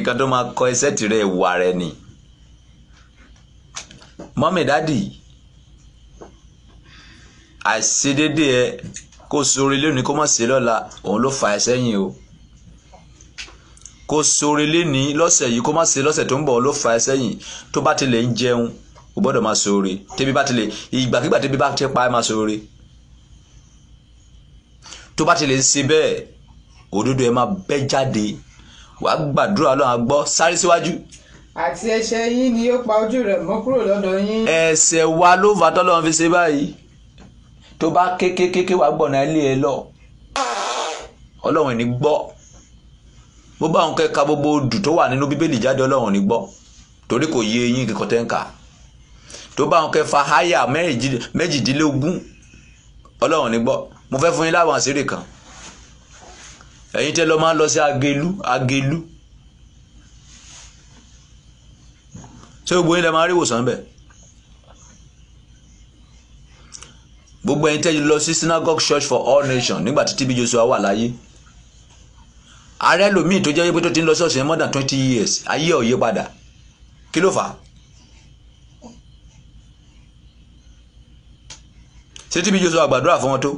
ẹnìkan tó máa kọ ẹsẹ̀ tirẹ̀ ìwà rẹ ni mọ́mì dádì àìṣedédé ẹ kó sórí lónìí kó má ṣe lọ́la òun ló fà ẹ́ sẹ́yìn o kó sórí lónìí lọ́sẹ̀ yìí kó má ṣe lọ́sẹ̀ tó ń bọ̀ òun ló fà ẹ́ sẹ́yìn tó bá tilẹ̀ ń jẹun o gbọ́dọ̀ máa sóore tẹ́bí bá tilẹ̀ ìgbàkigbà tẹ́bí bá ti pa ẹ́ máa sóore tó bá tilẹ̀ ń ṣe bẹ́ẹ̀ òdodo ẹ máa bẹ́ jáde wàá gbàdúrà ọlọ́run á gbọ́ sáré síwájú. àti ẹ̀ṣẹ̀ yín ni yóò pa ojú rẹ̀ mọ́ kúrò lọ́dọ̀ yín. ẹ̀ṣẹ̀ wa ló fà tọ́lọ́run fi ṣe báyìí tó bá kékékéké wàá gbọ̀nà ilé ẹ lọ ọlọ́run ẹ̀ ní gbọ́ bó bá òun kẹ́ka gbogbo odù tó wà nínú bíbélì jáde ọlọ́run ẹ̀ ní gbọ́ torí kò yé eyín kíkọ́ tẹ́ ń kà tó bá òun kẹ́ fa háyà méjìdínlógún ọlọ́run ẹ̀ gbọ́ mo fẹ́ fún yín láwọn àṣírí kan ẹ̀yin tẹ́ lọ máa ń lọ sí agelu agelu ṣé gbogbo yín lẹ máa rí ìwòsàn bẹ̀ gbogbo ẹ̀yin tẹ́ lọ sí synagogue church for all nations nígbà tí TB Joshua wà láyé ààrẹ lomi tó jẹ́ pé tó ti ń lọ ṣọ́ọ̀ṣì yẹn more than twenty years ayé ò yí padà kí ló fà á ṣé TB Joshua gbàdúrà fún wọn tó.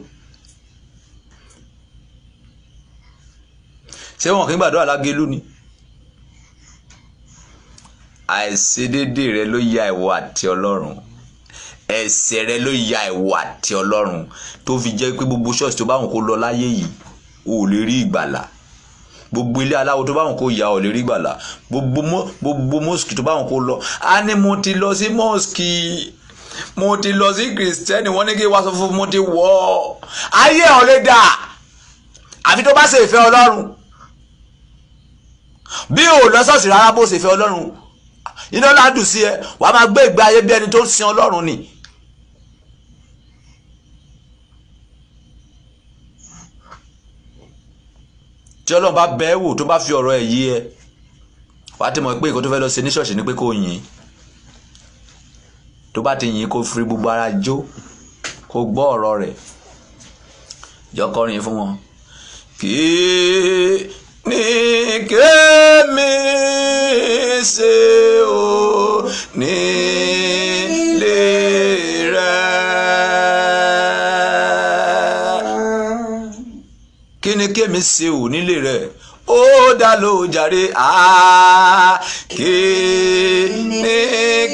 ṣé wọn kì í gbàdúrà lágélú ni àìṣedédé rẹ ló ya ìwọ àti ọlọ́run ẹ̀ṣẹ̀ rẹ ló ya ìwọ àti ọlọ́run tó fi jẹ́ pé gbogbo ṣọ́ọ̀ṣì tó bá wọn lọ láyé yìí o ò lè rí ìgbàlà gbogbo ilé aláwo tó bá wọn kó ò lè rí ìgbàlà gbogbo mosque tó bá wọn lọ a ní mo ti lọ sí mosque mo ti lọ sí kristẹni wọ́n ní kí wàá sọ fún mo ti wọ ọ ayé ọ̀ lè dà àfi tó bá ṣe ìfẹ́ ọlọ́run bí o lọ ṣọ́ọ̀ṣì rárá bó ṣe fẹ́ ọlọ́run iná ládùn sí ẹ wàá máa gbé ìgbé ayé bí ẹni tó ń sin ọlọ́run ni. tí ọlọ́run bá bẹ́ẹ̀ wò tó bá fi ọ̀rọ̀ ẹ̀ yí ẹ wàá ti mọ̀ pé nǹkan tó fẹ́ lọ ṣe ní ṣọ́ọ̀ṣì ni pé kó yìn tó bá ti yìn kó fi gbogbo ara jó kó gbọ́ ọ̀rọ̀ rẹ̀ jọ kọrin fún wọn. kí ní kémi ṣe o nílé rẹ. kí ni kémi ṣe o nílé rẹ ó dá ló jàre á kí ni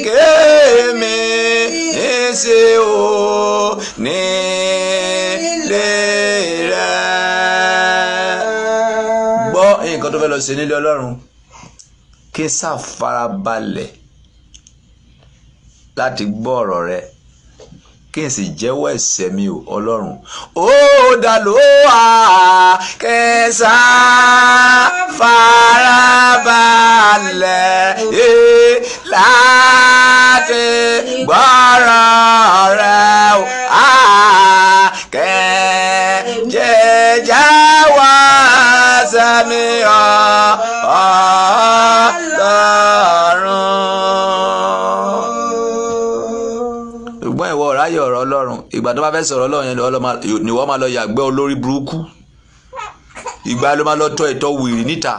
kémi ṣe o nílé rẹ. fẹ́ lọ ṣe nílé ọlọ́run kí n ṣàfarabalẹ̀ láti gbọ́ ọ̀rọ̀ rẹ kí n sì jẹ́wọ́ ẹ̀ṣẹ̀ mi ò ọlọ́run ó dá ló kẹsà farabalẹ̀ e, láti gbọ́rọ̀ rẹ ó kẹjẹ jẹ́wọ́ sẹ́míà ọlọ́run. ṣùgbọ́n ìwọ ọ̀ráyè ọ̀rọ̀ ọlọ́run ìgbà tó bá fẹ́ sọ̀rọ̀ ọlọ́run yẹn ni wọ́n máa lọ yàgbẹ́ olórí burúkú ìgbà ló máa lọ tọ ìtọ̀ wìrì níta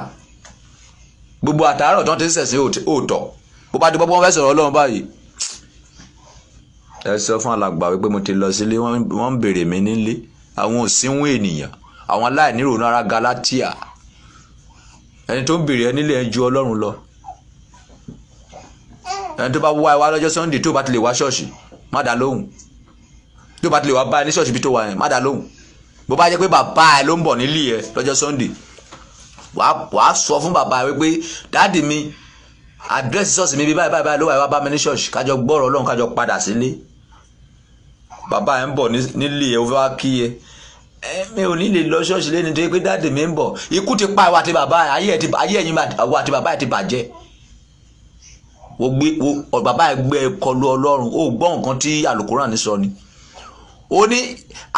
gbogbo àtàárọ̀ tí wọ́n ti ń sẹ̀sìn òótọ́ bó bá dúpọ́ bí wọ́n fẹ́ sọ̀rọ̀ ọlọ́run báyìí. ẹ sọ fún alàgbà wípé mo ti lọ sílé wọ́n ń béèrè mi nílé àwọn òsínwó ènìyàn àwọn aláìnírònú ara Galatia ẹni tó ń bèrè ẹni lè ju Ọlọ́run lọ ẹni tó bá wá ẹ wá lọ́jọ́ Sunday tó bá ti lè wá ṣọ́ọ̀ṣì má dá lóhùn tó bá ti lè wá bá ẹ ní ṣọ́ọ̀ṣì bí tó wà yẹn má dá lóhùn bó bá jẹ́ pé bàbá ẹ ló ń bọ̀ nílé ẹ lọ́jọ́ Sunday wàá sọ fún bàbá ẹ wípé dáàdì mi àdírẹ́sì ṣọ́ọ̀ṣì mi bí báyìí báyìí ló wà ẹ wá bá mi ní ṣọ́ọ̀ṣì kájọ gbọ́rọ̀ Ọlọ́run kájọ padà sílé bàbá ẹ ń bọ̀ nílé ẹ ó fẹ́ wá kí ẹ mi ò ní lè lọ ṣọ́ọ̀ṣì lẹ́ni tó yẹ pé dáàdì mi ń bọ̀ ikú ti pa àwọn àti bàbá ayé ẹ̀yìn àwọn àti bàbá ẹ̀ ti bàjẹ́ wo gbé wo bàbá ẹ̀ gbé kọlu ọlọ́run ó gbọ́ nǹkan tí Àlùkùránì sọ ni ó ní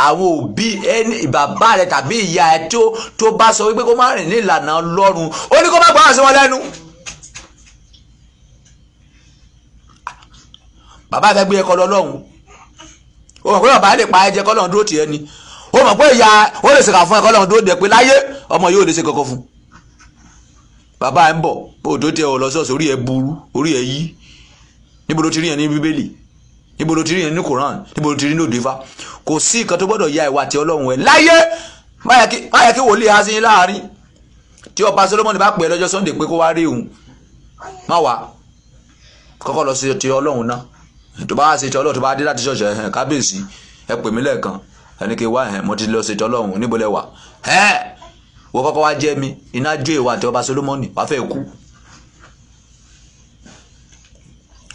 àwọn òbí ẹni bàbá rẹ tàbí ìyá ẹ tó tó bá sọ wípé kó má rìn ní ìlànà ọlọ́run ó ní kó má gbọ́dọ̀ sí wọn lẹ́nu. bàbá ẹ̀ fẹ́ gbé ẹ kọlu ọlọ́run ó mọ̀ pé bàbá lè pa ẹ̀jẹ̀ kọ́lọ́run dúró tì o mọ̀ pé ìyá ó lè ṣèkà fún ẹ̀kọ́ lọ́run tó dé pé láyé ọmọ yóò lè ṣe kankan fún bàbá ń bọ̀ bó o tó tiẹ̀ ọ̀ lọ sọ́ọ̀sì orí ẹ̀ burú orí ẹ̀ yí níbo ló ti rí yẹn ní bíbélì níbo ló ti rí yẹn ní koran níbo ló ti rí ní òdìfá kò sí ya ìwà àti ọlọ́run ẹ láyé báyà kí wòlíì á sí láàrin tí ọba Solomoni bá pè é lọ́jọ́ Sunday pé kó wá rí òun má wá kọ́kọ́ lọ sí ti ọlọ́run náà tó bá wá ẹnikẹ́ wá ẹ̀hẹ́n mo ti lọ ṣètò ọlọ́run níbo lẹ wà ẹ́ wọ́n kọ́kọ́ wá jẹ́ mi iná jó ìwà àti ọba Solomoni wàá fẹ́ kú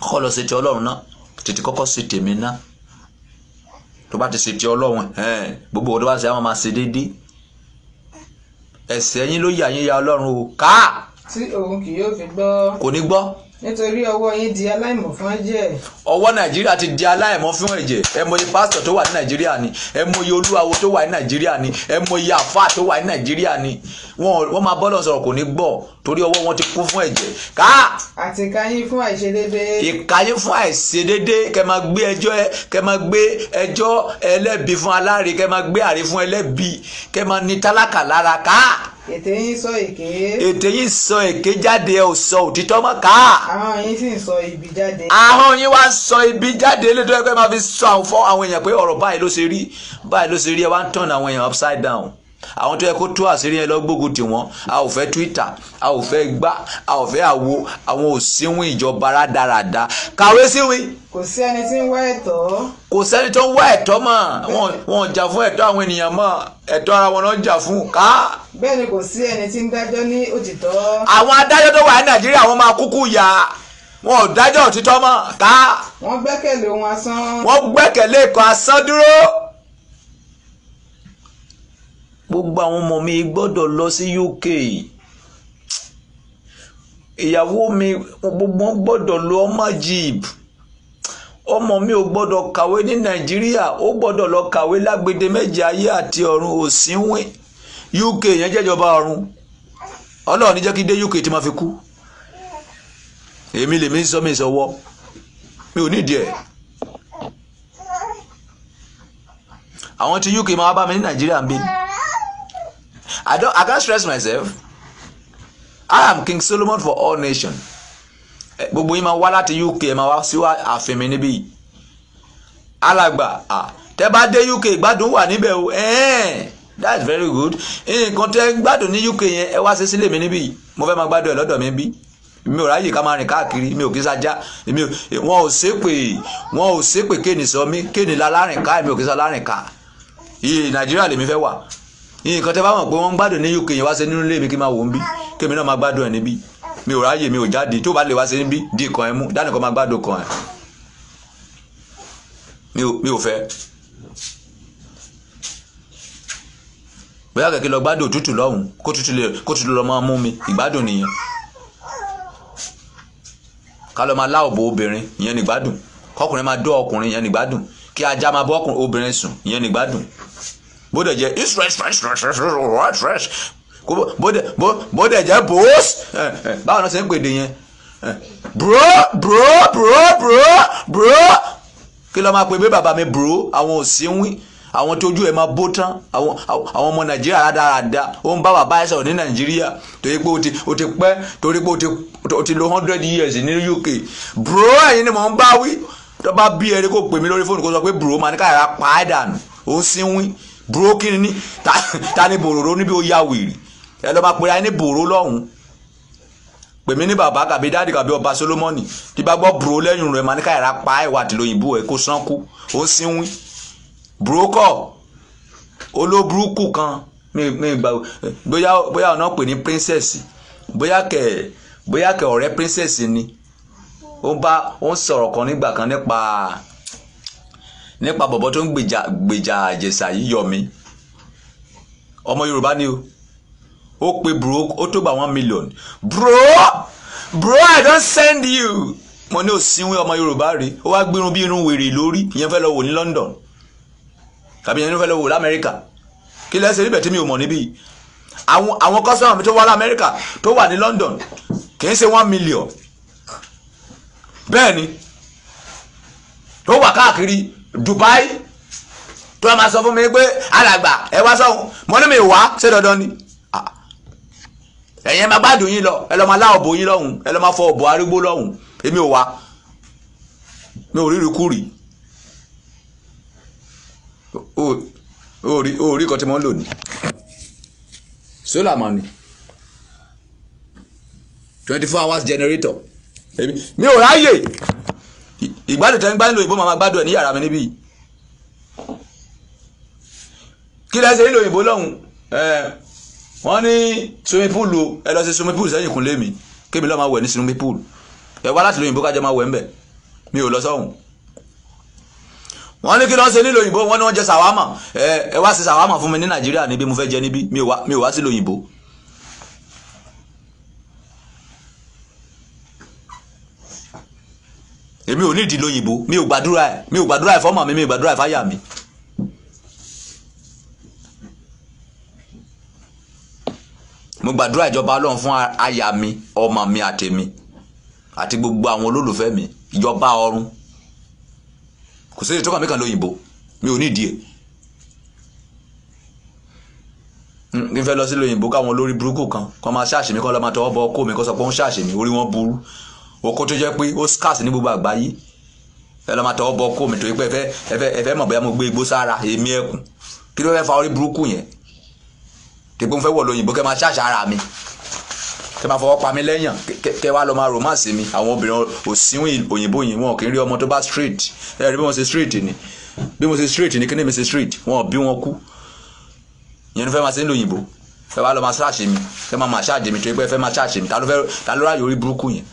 kọ́kọ́ lọ ṣètò ọlọ́run náà tètè kọ́kọ́ ṣe tèmi náà tó bá ti ṣètò ọlọ́run ẹ̀ẹ́n gbogbo òdo bá ṣe àwọn máa ṣe déédéé ẹ̀ṣẹ̀ yín ló yà yín ya ọlọ́run o ká tí òun kì yóò fi gbọ́ kò ní gbọ́ nítorí ọwọ́ yín di aláìmọ̀ fún ẹ̀jẹ̀. ọwọ́ nàìjíríà ti di aláìmọ̀ fún ẹ̀jẹ̀ ẹ mọye pásítọ̀ tó wà ní nàìjíríà ni ẹ mọye olúwawo tó wà ní nàìjíríà ni ẹ mọye àfáà tó wà ní nàìjíríà ni wọ́n máa bọ́lọ̀ sọ̀rọ̀ kò ní gbọ́ torí ọwọ́ wọn ti kún fún ẹ̀jẹ̀ ká. àti ìkáyín fún àìṣedédé. ìkáyín fún àìṣedédé kẹ máa gbé ẹjọ́ kẹ máa gbé ẹjọ́ ẹlẹ́bi fún aláre kẹ máa gbé àre fún ẹlẹ́bi kẹ máa ní tálákà ètè yín sọ èké. ètè yín sọ èké jáde ẹ ò sọ òtítọ́ mọ́ ká. ahọ́n yín sì ń sọ ibi jáde. ahọ́n yín wá ń sọ ibi jáde lédè ẹgbẹ́ máa fi sọ àwọn fọ́ àwọn èèyàn pé ọ̀rọ̀ báyìí ló ṣe rí báyìí ló ṣe rí ẹ wá ń tàn àwọn èèyàn upside down àwọn tó yẹ kó tú àṣírí yẹn lọ gbógun tì wọ́n a ò fẹ́ Twitter a ò fẹ́ gbá a ò fẹ́ àwo àwọn òsínwìn ìjọba rádaràda kàwé síwìn. kò sí ẹni tí ń wá ẹ̀tọ́. kò sẹ́ni tó ń wá ẹ̀tọ́ mọ́ wọn ò jà fún ẹ̀tọ́ àwọn ènìyàn mọ́ ẹ̀tọ́ ara wọn náà jà fún ká. bẹ́ẹ̀ ni kò sí ẹni tí ń dájọ́ ní òtítọ́. àwọn adájọ́ tó wà ní Nàìjíríà wọ́n máa kúkú yà wọn ò dájọ́ òtítọ́ mọ́ ká. wọ́n gbẹ́kẹ̀lé ohun asán. wọ́n gbẹ́kẹ̀lé ìkan asán dúró. gbogbo àwọn ọmọ mi gbọdọ lọ sí UK ìyàwó mi gbogbo wọn lọ majib ọmọ mi ò gbọ́dọ̀ kàwé ní Nàìjíríà ó gbọ́dọ̀ lọ kàwé lágbede méje ayé àti ọ̀run òsínwìn UK yẹn jẹ́jọba ọ̀run ọlọrun ní jẹ́ kí dé UK tí ma fi kú èmi lèmi ń sọ mi ìsọwọ́ mi ò nídìí ẹ̀ àwọn ti UK máa bá mi ní Nàìjíríà ń bẹ I don't I can't stress myself. I am King Solomon for all nation. Eh, gbogbo yín máa wá láti UK máa wá sí ààfin mi níbí yìí. Alàgbà tẹ bá dé UK gbádùn wà níbẹ̀ o. That's very good. Nǹkan tẹ gbádùn ní UK yẹn ẹ wá sí sílé mi níbí yìí. Mo fẹ́ máa gbádùn ẹ̀ lọ́dọ̀ mi bí mi ò ráyè ká máa rìn káàkiri mi ò kí sájà mi wọn ò ṣépè wọn ò ṣépè kéènì sọ mí kéènì la lárìn ká mi ò kí sá lárìn ká iye Nàìjíríà lèmi fẹ́ wà nǹkan tẹ́ bá mọ̀ pé wọ́n ń gbádùn ní UK yẹn wá ṣe nínú ilé mi kí n máa wò ń bí kémi náà máa gbádùn ẹ̀ níbí mi ò ráyè mi ò jáde tó bá lè wá ṣe níbí di kan ẹ mú dání kan máa gbádùn kan ẹ mi ò fẹ́. bóyá kẹ̀kẹ́ lọ gbádùn òtútù lọ́hùn kó tutù lọ máa mú mi ìgbádùn nìyẹn ká lọ máa lá òbò obìnrin ìyẹn nìgbádùn kọkùnrin máa dọ́ ọkùnrin ìyẹn nìgbádùn kí ajá máa bọ́ bó dẹ̀ jẹ́ stress stress stress stress stress bó dẹ̀ jẹ́ bros eh, eh, báwo náà ṣe ń pèdè yẹn eh, bro bro bro bro bro kí ló máa pè mí bàbá mi bro àwọn ò sí wí àwọn tójú ẹ máa bó tán àwọn ọmọ nàìjíríà rádaràda ó ń bá bàbá ẹ sọ̀rọ̀ ní nàìjíríà torí pé o ti pẹ́ torí pé o ti lò hundred years ní UK bro ẹ̀yin ni mò ń bá wí tó bá bí ẹni kò pè mí lórí fóònù kó sọ pé bro màá ní káyàrá pa á dànù ó ń sínwín burúkú ni ta ni bòròró níbi ó ya wèrè ẹ lọ́ọ́ máa pera ẹni bòró lọ́hùn pèmí ní bàbá kàbí dáàdì kàbí ọba Solomoni tí bá gbọ́ bòró lẹ́yìn rẹ̀ máa ní káyàrá pa ìwádìí lóyìnbó ẹ̀ kó sánkú ó sínwín bòrókọ̀ olóburúkú kan bóyá bóyá ọ̀nà pè ní princess bóyá kẹ̀ bóyá kẹ̀ ọ̀rẹ́ princess ni ó ń bá ó ń sọ̀rọ̀ kan nígbà kan nípa nípa bọ̀bọ̀ tó ń gbèjà gbèjà àjẹsà yìí yọ mí ọmọ yorùbá ni o ó pe bro ó tó gba one million bro bro i don send you mo ní òsínwé ọmọ yorùbá rè ó wá gbérun bí irun wèrè lórí ìyẹn fẹ́ lọ wò ní london tàbí ìyẹn fẹ́ lọ wò lamẹ́ríkà kí lẹ́sẹ̀ níbẹ̀ tí mi ò mọ̀ níbí àwọn àwọn kọ́sọ́mà mi tó wá lamẹ́ríkà tó wà ní london kì í ṣe one million bẹ́ẹ̀ ni tó wà káàkiri Dubai tó a máa sọ fún mi pé alàgbà ẹ wá sọ́hun mo ní mi wá ṣé dandan ni ẹ̀yin máa gbádùn yín lọ ẹ lọ́ máa lá ọ̀bọ yín lọ́hùn ẹ lọ́ máa fọ ọ̀bọ arúgbó lọ́hùn èmi ò wá mi ò rírí kúrì orí orí kan tí mo ń lò ní solar man twenty four hours generator mi ò ráyè ìgbádùn tẹ́ ń gbá nílò òyìnbó màmá gbádùn ẹ̀ ní yàrá mi níbí kí lẹ́sẹ̀ nílò òyìnbó lọ́hùn wọ́n ní swimming pool ẹ lọ sí swimming pool sẹ́yìn kúnlé mi kémi lọ́ọ́ máa wẹ̀ ní swimming pool ẹ wá láti lóyìnbó kájọ máa wẹ̀ ń bẹ̀ mi ò lọ sọ́hùn wọ́n ní kí lọ́ọ́ ṣe nílò òyìnbó wọ́n ní wọ́n jẹ sàwámà ẹ wá sí sàwámà fún mi ní nàìjíríà níbi mo fẹ́ jẹ níbi mi ò wá sí lóyìnbó èmi ò nídìí lóyìnbó mi ò gbàdúrà ẹ mi ò gbàdúrà ẹ fọmọ mi mi ò gbàdúrà ẹ fáyà mi. mo gbàdúrà ìjọba ọlọ́run fún aya mi ọmọ mi àtèmi àti gbogbo àwọn olólùfẹ́ mi ìjọba ọ̀run kò sí èyí tó kàn mí kan lóyìnbó mi ò nídìí ẹ̀ kí n fẹ́ lọ sí lóyìnbó káwọn olórí burúkú kan kọ́ máa ṣáàṣì mi kọ́ lọ́ máa tọwọ́ bọ kó mi kọ́ sọ pé ó ń ṣáàṣì mi orí wọn burú oko tó jẹ́ pé ó scarce ní gbogbo àgbáyé ẹ lọ́ máa tọwọ́ bọ kó mi torí pé ẹ fẹ́ ẹ fẹ́ mọ̀ bóyá mo gbé igbó sára èmi ẹkùn kí ló fẹ́ fa orí burúkú yẹn tèpé mo fẹ́ wọ̀ lóyìnbó kẹ́ máa ṣàṣà ara mi kẹ́ máa fọwọ́ pa mí lẹ́yìn kẹ́ wá lọ máa romance mi àwọn obìnrin òsínwìn òyìnbó yìí wọn kì í rí ọmọ tó bá street ẹ rí bí mo ṣe straight ni bí mo ṣe straight ni kí ni mi ṣe straight wọn bí wọn kú ìyẹn ló fẹ́ máa ṣe ń lo òyìnbó fẹ́ wá lọ máa ṣáàṣì mi fẹ́ máa máa ṣáàjì mi torí pé fẹ́ máa ṣáàṣì mi ta ló fẹ́ orí burúkú yẹn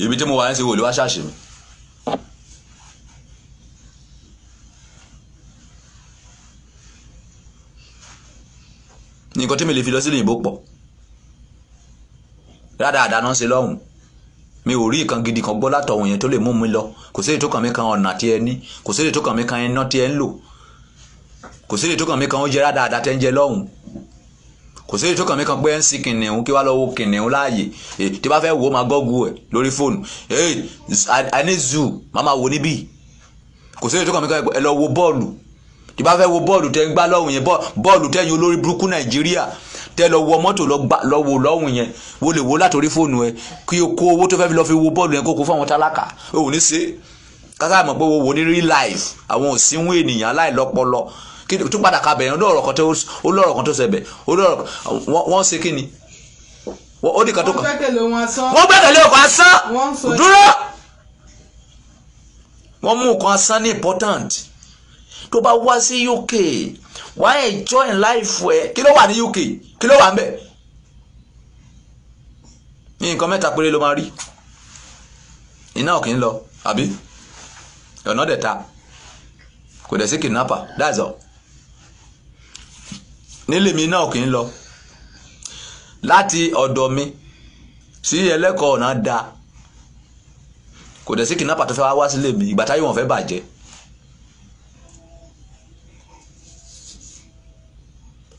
ibi tí mo wà ń ṣe wò ló wá ṣàṣì mi. nǹkan tí mi lè fi lọ sílé ìbò pọ̀ rádaràda náà ṣe lọ́hùn mi ò rí ìkan gidi kan gbọ́ látọ̀hún yẹn tó lè mú mi lọ kò sí èyí tó kàn mí kan ọ̀nà tí ẹ ní kò sí èyí tó kàn mí kan iná tí ẹ ń lò kò sí èyí tó kàn mí kan oúnjẹ rádaràda tẹ́ ń jẹ lọ́hùn kò sí èyí tó kàn mí kan pé ń sin kìnìún kí wàá lọ wo kìnìún láàyè tí bá fẹ́ wo máa gọ́gù ẹ̀ lórí fóònù i need zoo máa máa wo níbí kò sí èyí tó kàn mí kan ẹ lọ wo bọ́ọ̀lù tí bá fẹ́ wo bọ́ọ̀lù tẹ́ ń gbá lọ́hùn yẹn bọ́ọ̀lù tẹ́yìn olórí burúkú nàìjíríà tẹ́ lọ wọ mọ́tò lọ wò lọ́hùn yẹn wo lè wo látòrí fóònù ẹ kí o kó owó tó fẹ́ fi lọ fi wo bọ́ọ̀lù yẹn kó kó fáwọn tálákà ò ní ṣe kásá pé wo wo ní real life àwọn òsínwó ènìyàn aláìlọ́pọlọ kí tó padà ka bẹ̀rẹ̀ olóòrò kan tó olóòrò kan tó sẹ̀bẹ̀ olóòrò wọ́n ṣe kí ni ó di kan tó kàn wọ́n gbẹ́kẹ̀lé òkú asán dúró wọ́n mú nǹkan asán ní important tó bá wá sí UK wá enjoy life ẹ kí ló wà ní UK kí ló wà ń bẹ̀ nǹkan mẹ́ta péré ló máa rí iná ò kì í lọ àbí ọ̀nà dẹ̀ ta kò dẹ̀ sí kidnapper that's all nílé mi náà kì í lọ láti ọ̀dọ̀ mi sí ẹlẹ́kọ̀ọ́ ọ̀nà da kò dẹ̀ sí kìnnàpà tó fẹ́ wá sílé mi ìgbà táyé wọn fẹ́ bàjẹ́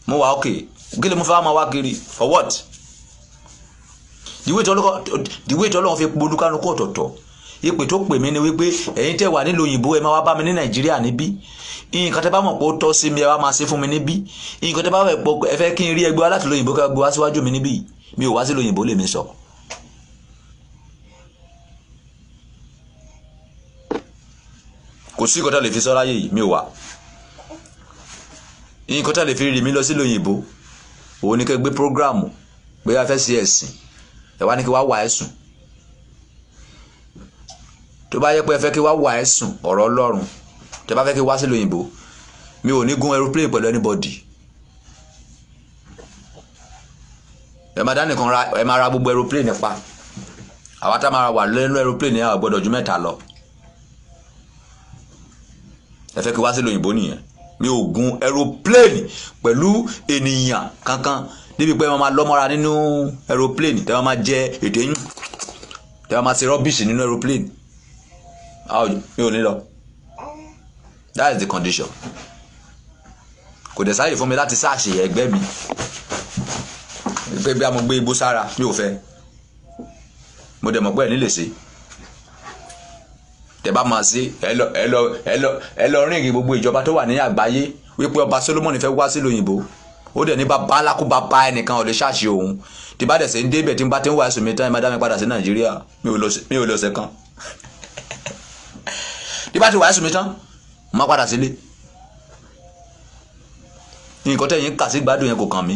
mo wà ókè gílẹ̀ mo fẹ́ máa wá kiri for what ìwé tí ọlọ́run fi polúkánú kó ọ̀tọ̀ọ̀tọ̀ ìpè tó pè mí ni wípé ẹ̀yin tẹ́ wà nílùú òyìnbó ẹ máa wá bá mi ní nàìjíríà níbí nǹkan tẹ́ bá mọ̀ pé ó tọ́ sí mi ẹ wá máa ṣe fún mi níbí nǹkan tẹ́ bá fẹ́ pọ̀ ẹ fẹ́ kí n rí ẹgbẹ́ aláàtì lóyìnbó ká gbé wá síwájú mi níbí mi ò wá sí lóyìnbó lèmi sọ. kò sí nǹkan tá lè fi sọ láyé mi ò wá nǹkan tá lè fi rí mi lọ sí lóyìnbó òun ni kẹ́ gbé prógráàmù pé a fẹ́ ṣe ẹ̀sìn ẹ wá ní kí wá wà ẹ̀sùn tó bá yẹ pé ẹ fẹ́ kí wá wà ẹ̀sùn ọ̀rọ̀ Ọlọ́run tẹ bá fẹ́ kí wá sílùú òyìnbó mi ò ní gun aeroplane pẹ̀lú anybody ẹ máa dánìkan ra ẹ máa ra gbogbo aeroplane pa àwa tá máa wà lẹ́nu aeroplane yẹn àgbọ̀dọ̀ ju mẹ́ta lọ ẹ fẹ́ kí wá sílùú òyìnbó nìyẹn mi ò gun aeroplane pẹ̀lú ènìyàn kankan níbi pé wọ́n máa lọ́mọ́ra nínú aeroplane tẹ́ máa jẹ èdè yín tẹ́ máa ṣe rọ́bìṣì nínú aeroplane mi ò ní lọ that is the condition kò dẹ̀ sáyè fún mi láti sáàṣì ẹgbẹ́ mi pé bí a mo gbé igbó sára mi ò fẹ́ mo dẹ̀ mọ̀ pé ẹ̀ nílè ṣe tẹ bá máa ṣe ẹ lọ ẹ lọ ẹ lọ ẹ lọ rìn ìrìn gbogbo ìjọba tó wà ní àgbáyé wípé ọba Solomoni fẹ́ wá sílùú òyìnbó ó dẹ̀ ní bàbá alákùbá bá ẹnìkan ò lè ṣáàṣì òun tí bá dẹ̀ ṣe ń débẹ̀ tí n bá ti ń wá ẹ̀sùn mi tán ẹ̀ máa dá mi padà sí Nàìjíríà mi ò lọ ṣe kan tí bá ti wá ẹ̀sùn mi tán má padà sílé nǹkan tẹ̀yìn kà sí gbádùn yẹn kò kàn mí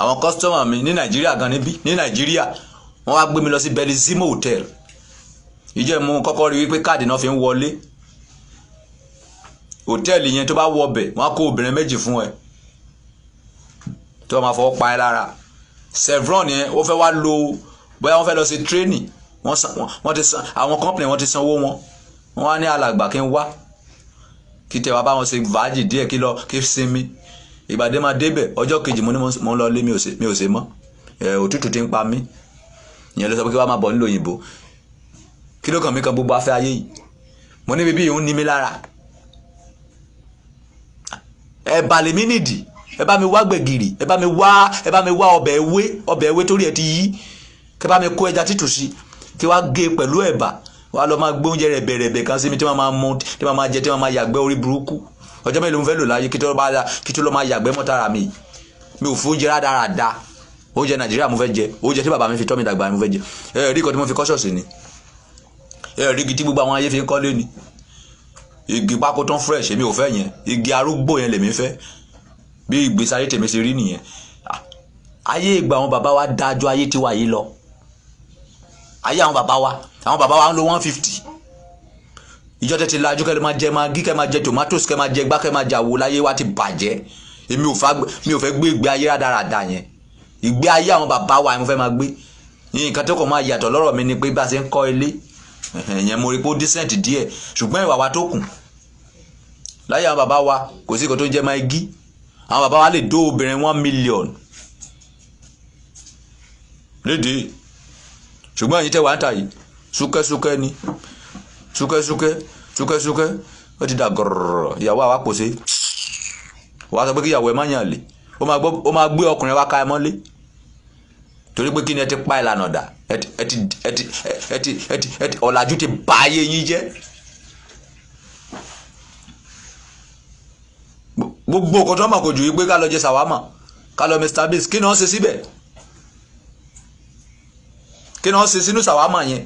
àwọn kọ́sítọ́mà mi ní nàìjíríà gan níbí ní nàìjíríà wọ́n wá gbé mi lọ sí belizimo hotel ìjẹ́ mu kọ́kọ́ rí wípé káàdì náà fi ń wọlé hòtẹ́ẹ̀lì yẹn tó bá wọ ọbẹ̀ wọ́n á kó obìnrin méjì fún ẹ tó máa fọwọ́ pa ẹ lára chevron yẹn ó fẹ́ wá lọ bóyá wọ́n fẹ́ lọ sí tírénì wọ́n ti san àwọn company wọ́n ti sanwó wọn wọ́n á ní alàgbà kí n wá kí tẹ wá bá wọn ṣe fàájì díẹ̀ kí lọ kí sinmi ìbàdí máa débẹ̀ ọjọ́ kejì mo ní mo ń lọ lé mi ò ṣe mọ́ òtútù ti ń pa mí ìyẹn ló sọ pé kí wàá máa bọ̀ nílò òyìnbó kí ló kàn mí kan gbogbo afẹ́ ayé yìí mo níbi bí ìhun ní mi lára ẹ balẹ̀ mi nìdí ẹ bá mi wá gbẹ̀gìrì ẹ bá mi wá ẹ bá mi wá ọbẹ̀ ewé ọbẹ̀ ewé torí ẹ ti yí kí bá mi kó ẹja títù sí kí wàá gé e pẹ̀lú ẹ̀bà wà á lọ máa gbé oúnjẹ rẹ̀bẹ̀rẹ̀bẹ̀ kan sí mi tí wọ́n máa mú tí wọ́n máa jẹ tí wọ́n máa yàgbẹ́ orí burúkú ọjọ́ mélòó mo fẹ́ lò láyé kí tó lọ máa yàgbẹ́ mọ́tara mi mi ò fún oúnjẹ rádaràda oúnjẹ nàìjíríà mo fẹ́ jẹ oúnjẹ tí bàbá mi fi tọ́ mi dàgbà mo fẹ́ jẹ ẹ rí ikọ̀ tí mo fi kọ́ṣọ̀ọ̀sì ni ẹ rí igi tí gbogbo àwọn ayé fi ń kọ́lé ni igi pákó tán fresh èmi ò fẹ́ yẹn igi arúgbó yẹn lèmi fẹ́ bí ìgbésí ayé tèmi ṣe rí nìyẹn ah, ayé ìgbà àwọn bàbá wa dájú ayé tiwa yìí lọ ayé àwọn bàbá wa àwọn bàbá wa ń lo one fifty ìjọ tètè lajú kẹ́ máa jẹ máa gí kẹ́ máa jẹ tomatoes kẹ́ máa jẹ gbá kẹ́ máa jẹ àwo láyé wa ti bàjẹ́ èmi ò fẹ́ gbé ìgbé ayé rádaràda yẹn ìgbé ayé àwọn bàbá wa mo fẹ́ máa gbé nǹkan tó kàn máa yàtọ̀ lọ́rọ̀ mi ni pé bá a ṣe ń kọ́ ilé ìyẹn mo rí pé ó decent díẹ̀ ṣùgbọ́n ìwà wa tó kù láyé àwọn bàbá wa kò sí nǹkan tó ń one million lédè ṣùgbọ́n ẹ̀yin tẹ́ wàá tà yìí súkẹ́súkẹ́ ni súkẹ́súkẹ́ súkẹ́súkẹ́ ó ti dà gọ̀rọ̀ ìyàwó àwa pòṣe wàá sọ pé kí ìyàwó ẹ má yàn lè ó máa gbé ọkùnrin wa ká ẹ mọ́lé torí pé kí ni ẹ ti pa ìlànà dà ẹ ti ẹ ti ẹ ti ẹ ti ọ̀làjú ti bà ayé yín jẹ́ gbogbo nǹkan tó mọ̀ kò jù yí pé ká lọ jẹ sàwámà ká lọ mr beast kí ni wọ́n ṣe síbẹ̀ kí ni wọ́n ṣe sínú sàwámà yẹn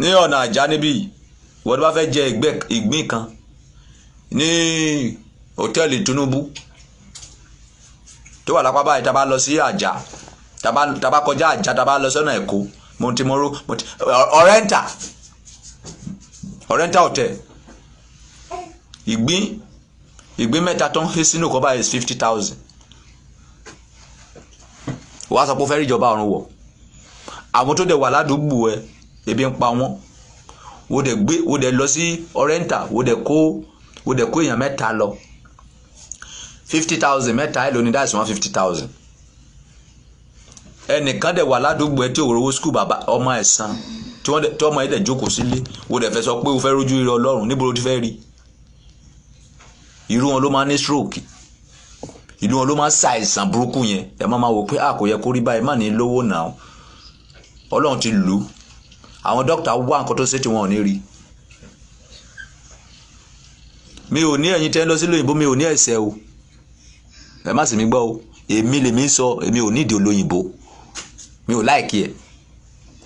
ní ọ̀nà àjá níbí wọ́n bá fẹ́ jẹ ìgbín kan ní hòtẹ́ẹ̀lì Tinubu tó wà lápá báyìí tá a bá lọ sí àjà tá a bá kọjá àjà tá a bá lọ sọ́nà Èkó montimoro ọ̀rẹ́ntà ọ̀rẹ́ntà hotel ìgbín ìgbín mẹ́ta tó ń hé sínú kọ́ báyìí fifty thousand wàá sọ pé ó fẹ́ rí ìjọba ọ̀run wọ̀ àwọn tó dẹ̀ wà ládùúgbò ẹ ebi ń pa wọ́n wo dẹ̀ gbé wo dẹ̀ lọ sí ọ̀rẹ́ǹtà wo dẹ̀ kó wo dẹ̀ kó èèyàn mẹ́ta lọ fifty thousand mẹ́ta ẹ̀ lóní dáìsí wọn fifty thousand ẹnìkan dẹ̀ wà ládùúgbò ẹ tí ò rówó skul bàbá ọmọ ẹ̀ san tí ọmọ ẹ̀ dẹ̀ jókòó sílé wo dẹ̀ fẹ́ sọ pé o fẹ́ rójú ire ọlọ́run níbo ló ti fẹ́ rí irú wọn ló máa ní stroke ìlú wọn ló máa ń ṣàìsàn burúkú yẹn ẹ má máa wò pé àkò ah, yẹ kó rí báyìí má ní lówó náà ọlọ́run ti lù ú àwọn dókítà wá nǹkan tó ṣe tí wọn ò ní rí mi ò ní ẹ̀yin tẹ́ ń lọ sí lóyìnbó mi ò ní ẹ̀sẹ̀ o ẹ má sì mí gbọ́ o èmi lèmi ń sọ èmi ò nídìí olóyìnbó mi ò láìkí ẹ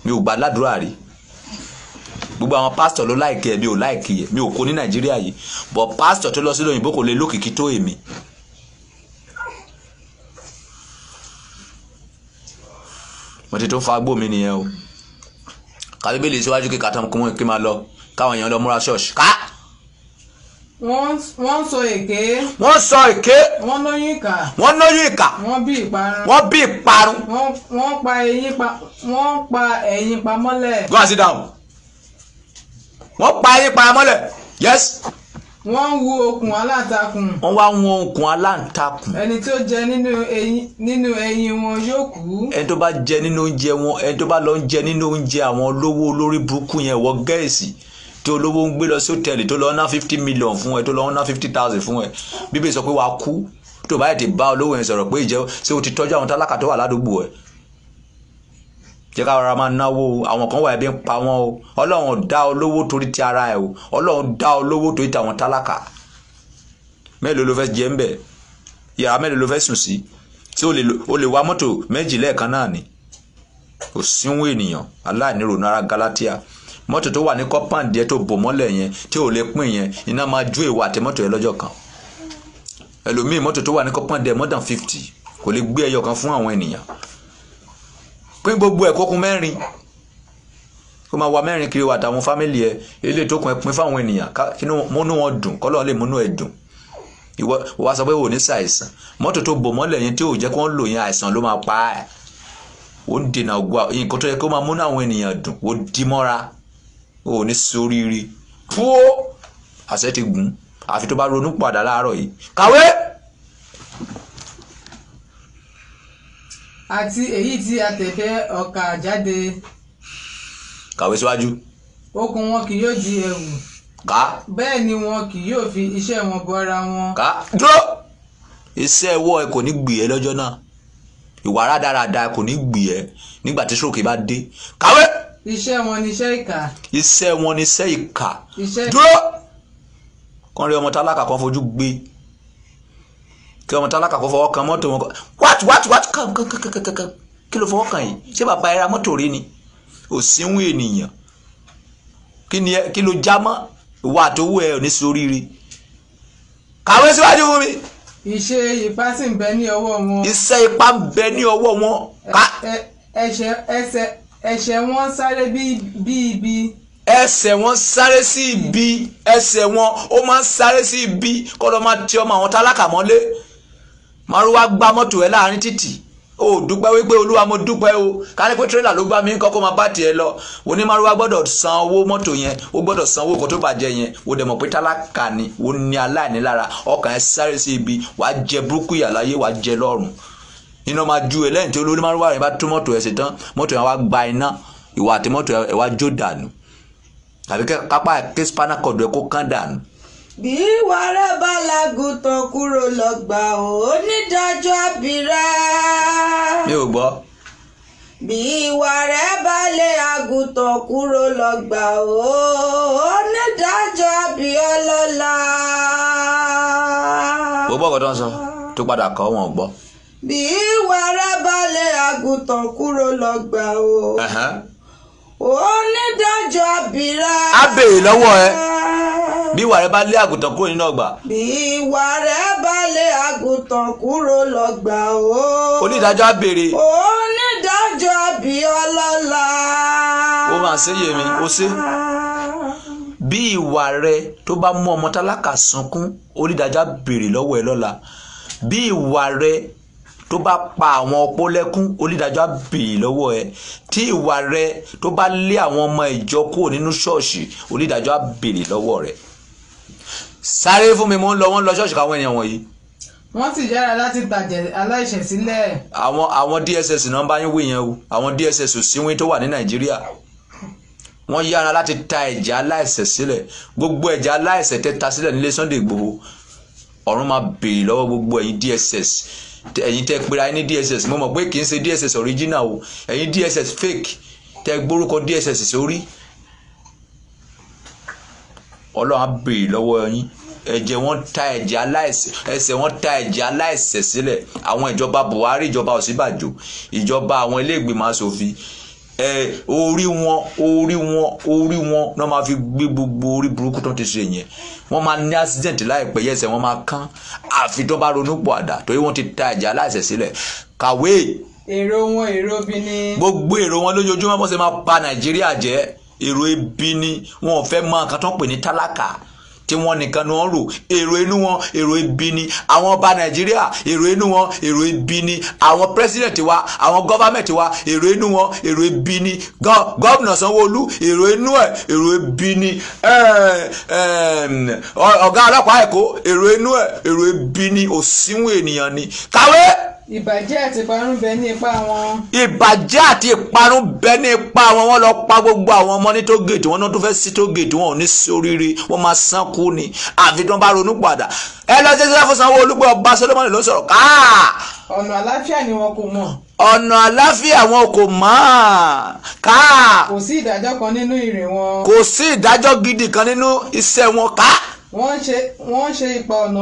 mi ò gbà ládùúrà rí gbogbo àwọn pásítọ̀ ló láìkí ẹ mi ò láìkí ẹ mi ò kó ní nàìjíríà yìí bọ̀ pásítọ̀ tó lọ sí lóyìnbó kò lè lókìkí tó èmi mo ti tún fagbó mi nìyẹn o kàbíbélì síwájú kíkà tán kí máa lọ káwọn èèyàn lọ múra ṣọ́ọ̀ṣì ká. wọ́n sọ èké. wọ́n sọ èké. wọ́n lóyún ìkà. wọ́n lóyún ìkà. wọ́n bí ìparun. wọ́n bí ìparun. wọ́n pa ẹyin pa wọ́n pa ẹyin pa mọ́lẹ̀. go and sit down. wọ́n pa ẹyin pa mọ́lẹ̀ yes wọ́n ń wo okùn aláǹtakùn. wọ́n wá wọn okùn aláǹtakùn. ẹni tó jẹ nínú eyín nínú eyín wọn yóò kú. ẹni tó bá jẹ nínú oúnjẹ wọn ẹni tó bá lọ ń jẹ nínú oúnjẹ àwọn olówó olórí burúkú yẹn wọ gẹ̀ẹ́sì tó olówó ń gbé lọ sí hòtẹ́ẹ̀lì tó lọ ná fifty million fún ẹ tó lọ ná fifty thousand fún ẹ bíbélì sọ pé wàá kú tó báyìí ti bá olówó yẹn sọ̀rọ̀ pé ìjẹ́ ṣé o ti tọ́jú àwọn tálákà tó wà ládùúgbò ẹ̀ jẹ́ ká rọra máa náwó o àwọn kan wà ẹbí ń pa wọ́n o ọlọ́run dá ọ lówó torí ti ara ẹ o ọlọ́run dá ọ lówó torí tàwọn tálákà mélòó ló fẹ́ jẹ ń bẹ̀ yàrá mélòó ló fẹ́ sùn sí tí o lè wa mọ́tò méjì lẹ́ẹ̀kan náà ni kò síwọ́n ènìyàn aláìníròónú ara Galatia mọ́tò tó wà ní kọ́pàǹdì ẹ tó bò mọ́lẹ̀ yẹn tí ò lè pín yẹn iná máa ju ìwà àti mọ́tò yẹn lọ́jọ́ kan ẹlòmíì mọ́tò tó wà ní kọ́pàǹdì ẹ more than fifty kò lè gbé ẹyọ kan fún àwọn ènìyàn pín gbogbo ẹ̀ kókun mẹ́rin kó máa wa mẹ́rin kiri wa àtàwọn fámìlì ẹ ilé tó kún ẹ pín fáwọn ènìyàn kínú múnú wọn dùn kọ́lọ́ lè múnú ẹ dùn ìwọ wa sọ pé wò ní ṣàìsàn mọ́tò tó bò mọ́lẹ̀ yẹn tí ò jẹ́ kó ń lò yẹn àìsàn ló máa pa ẹ̀ o ń dènà ògùn nǹkan tó yẹ kó máa múnú àwọn ènìyàn dùn ó di mọ́ra ó ní soríire fúó àṣẹ ti gùn àfi tó bá ronú padà láàárọ̀ yìí kàwé. àti èyí tí a tẹ̀fẹ́ ọ̀kà jáde. kàwé síwájú. okùn wọn kì yóò di ẹ̀wù. ká. bẹ́ẹ̀ ni wọn kì yóò fi iṣẹ́ wọn bọ ara wọn. ká dúró iṣẹ́ ẹwọ́ ẹ kò ní gbì ẹ́ lọ́jọ́ náà ìwà rádaràda kò ní gbì ẹ́ nígbà tí sòkè bá dé kàwé. iṣẹ́ wọn ni iṣẹ́ ìkà. iṣẹ́ wọn ni iṣẹ́ ìkà. dúró kàn rí ọmọ tálákà kan fojú gbé kí ọmọ tálákà kó fọwọ́ kan mọ́tò wọn wáàtú wáàtú wáàtú kankankankankan kí ló fọwọ́ kan yìí ṣé bàbá ẹ ra mọ́tò rí ni òsínwó ènìyàn kí ló já mọ́ ìwà àtòwò ẹ ò ní soríire kàwé síwájú fún mi. iṣẹ́ ipá sì ń bẹ ní ọwọ́ wọn. iṣẹ́ ipá ń bẹ ní ọwọ́ wọn. ẹsẹ̀ wọn sáré bí ibi ẹsẹ̀ wọn sáré sí ibi ẹsẹ̀ wọn ó máa ń sáré sí ibi kọ́ ló máa ti ọmọ àwọn tálákà mọ́lé márúwá gbá mọ́tò ẹ láàrin títì o dúpẹ́ wípé olúwa mo dúpẹ́ o ká ní pé tírélà ló gbá mi kọ́kọ́ máa bá tiẹ̀ lọ wò ní márúwá gbọ́dọ̀ san owó mọ́tò yẹn o gbọ́dọ̀ san owó kan tó bàjẹ́ yẹn o dẹ̀ mọ̀ pé tálákà ni o ní aláìní lára ọkàn ẹ sáré sí ibi wàá jẹ burúkú ìyàláyé wàá jẹ lọ́rùn iná máa ju ẹ lẹ́yìn tí olórí márúwá rẹ̀ bá tó mọ́tò ẹ̀ sí mọ́tò yẹn wá gba iná ìwà àti mọ́tò ẹ̀ wá jó dànù tàbí kápá kí spanakọ̀dù ẹ̀ kó kán dànù bí wàrà balagutan kúrò lọ́gbà onídàájọ́ àbírà. mi ò gbọ́. bí wàrà balẹ̀ àgùntàn kúrò lọ́gbà onídàájọ́ àbíọ́lọ́lá. gbogbo ọkọ̀ tó ń sọ tó padà kọ́ wọn ò gbọ́. bí wàrà balẹ̀ àgùntàn kúrò lọ́gbà o. Uh-huh onídàájọ́ abìrà. a béèrè lọ́wọ́ ẹ bí ìwà rẹ bá lé àgùntàn kúrò nínú ọgbà. bí ìwà rẹ bá lé àgùntàn kúrò lọ́gbà o. onídàájọ́ á béèrè. onídàájọ́ àbí ọlọ́lá. ó máa ṣe yé mi ó ṣe. bí ìwà rẹ tó bá mú ọmọ tálákà sunkún onídàájọ́ á lọ́wọ́ ẹ lọ́la bí ìwà rẹ tó bá pa àwọn opó lẹ́kún onídàájọ́ á béèrè lọ́wọ́ ẹ tí ìwà rẹ tó bá lé àwọn ọmọ ìjọ kúrò nínú ṣọ́ọ̀ṣì onídàájọ́ á béèrè rẹ sáré fún mi mo ń lọ wọ́n lọ ṣọ́ọ̀ṣì káwọn ènìyàn wọ̀nyí wọ́n sì yára láti gbàjẹ́ aláìṣẹ̀ sílẹ̀. àwọn àwọn DSS náà bá yín wí yẹn o àwọn DSS ò síwín tó wà ní Nàìjíríà wọ́n yára láti ta ẹ̀jẹ̀ aláìṣẹ̀ sílẹ̀ gbogbo ẹ̀jẹ̀ aláìṣẹ̀ tẹ́ ta sílẹ̀ nílé Sunday Igboho ọ̀run máa béèrè lọ́wọ́ gbogbo ẹ̀yin DSS ẹ̀yin tẹ́ pera ẹni DSS mo mọ̀ pé kì í ṣe DSS original o ẹ̀yin DSS fake tẹ́ gbórúkọ DSS sórí ọlọ́run á béèrè lọ́wọ́ yín ẹ̀jẹ̀ wọn ta ẹ̀jẹ̀ aláìṣẹ̀ ẹsẹ̀ wọn ta ẹ̀jẹ̀ aláìṣẹ̀ sílẹ̀ àwọn ìjọba Buhari ìjọba Ọ̀ṣínbàjò ìjọba àwọn iléègbìmọ̀ asòfin ẹ orí wọn orí wọn orí wọn náà máa fi gbé gbogbo orí burúkú tó ti ṣe yẹn wọ́n máa ní accident láìpẹ́ yẹ́sẹ̀ wọ́n máa kán àfi tó bá ronú pọ̀ àdá torí wọ́n ti ta ẹ̀jẹ̀ aláìsẹ̀ sílẹ̀ kàwé. èrò wọn èrò bí ni. gbogbo èrò wọn lójoojúmọ́ bó ṣe máa pa nàìjíríà jẹ́ èrò ebi ni wọn ò fẹ́ mọ nǹkan tó pè ní tálákà tí wọ́n nìkan ni wọ́n rò èrò inú wọn èrò ibi ni àwọn ọba nàìjíríà èrò inú wọn èrò ibi ni àwọn president wa àwọn government wa èrò inú wọn èrò ibi ni gọ́ọ̀nà sanwó-olú èrò inú ẹ̀ èrò ibi ni ọ̀gá ọlọ́pàá èkó èrò inú ẹ̀ èrò ibi ni òsínwó ènìyàn ni kàwé ìbàjẹ́ àti ìparun bẹ ní ipa wọn. ìbàjẹ́ àti ìparun bẹ ní ipa wọn wọ́n lọ pa gbogbo àwọn ọmọ ní tógèètì wọn náà tó fẹ́ sí tógèètì wọn ò ní sí oríire wọ́n máa sán kú ni àfi tí wọ́n bá ronú padà ẹ lọ sí sísá fún Sanwó-Olú pé ọba Solomoni ló sọ̀rọ̀ káà. ọ̀nà àlàáfíà ni wọn kò mọ̀. ọ̀nà àlàáfíà wọn kò mọ̀ káà. kò sí ìdájọ́ kan nínú ìrìn wọn. kò sí ìdájọ́ gidi kan nínú iṣẹ́ wọn káà wọ́n ṣe wọ́n ṣe ipa ọ̀nà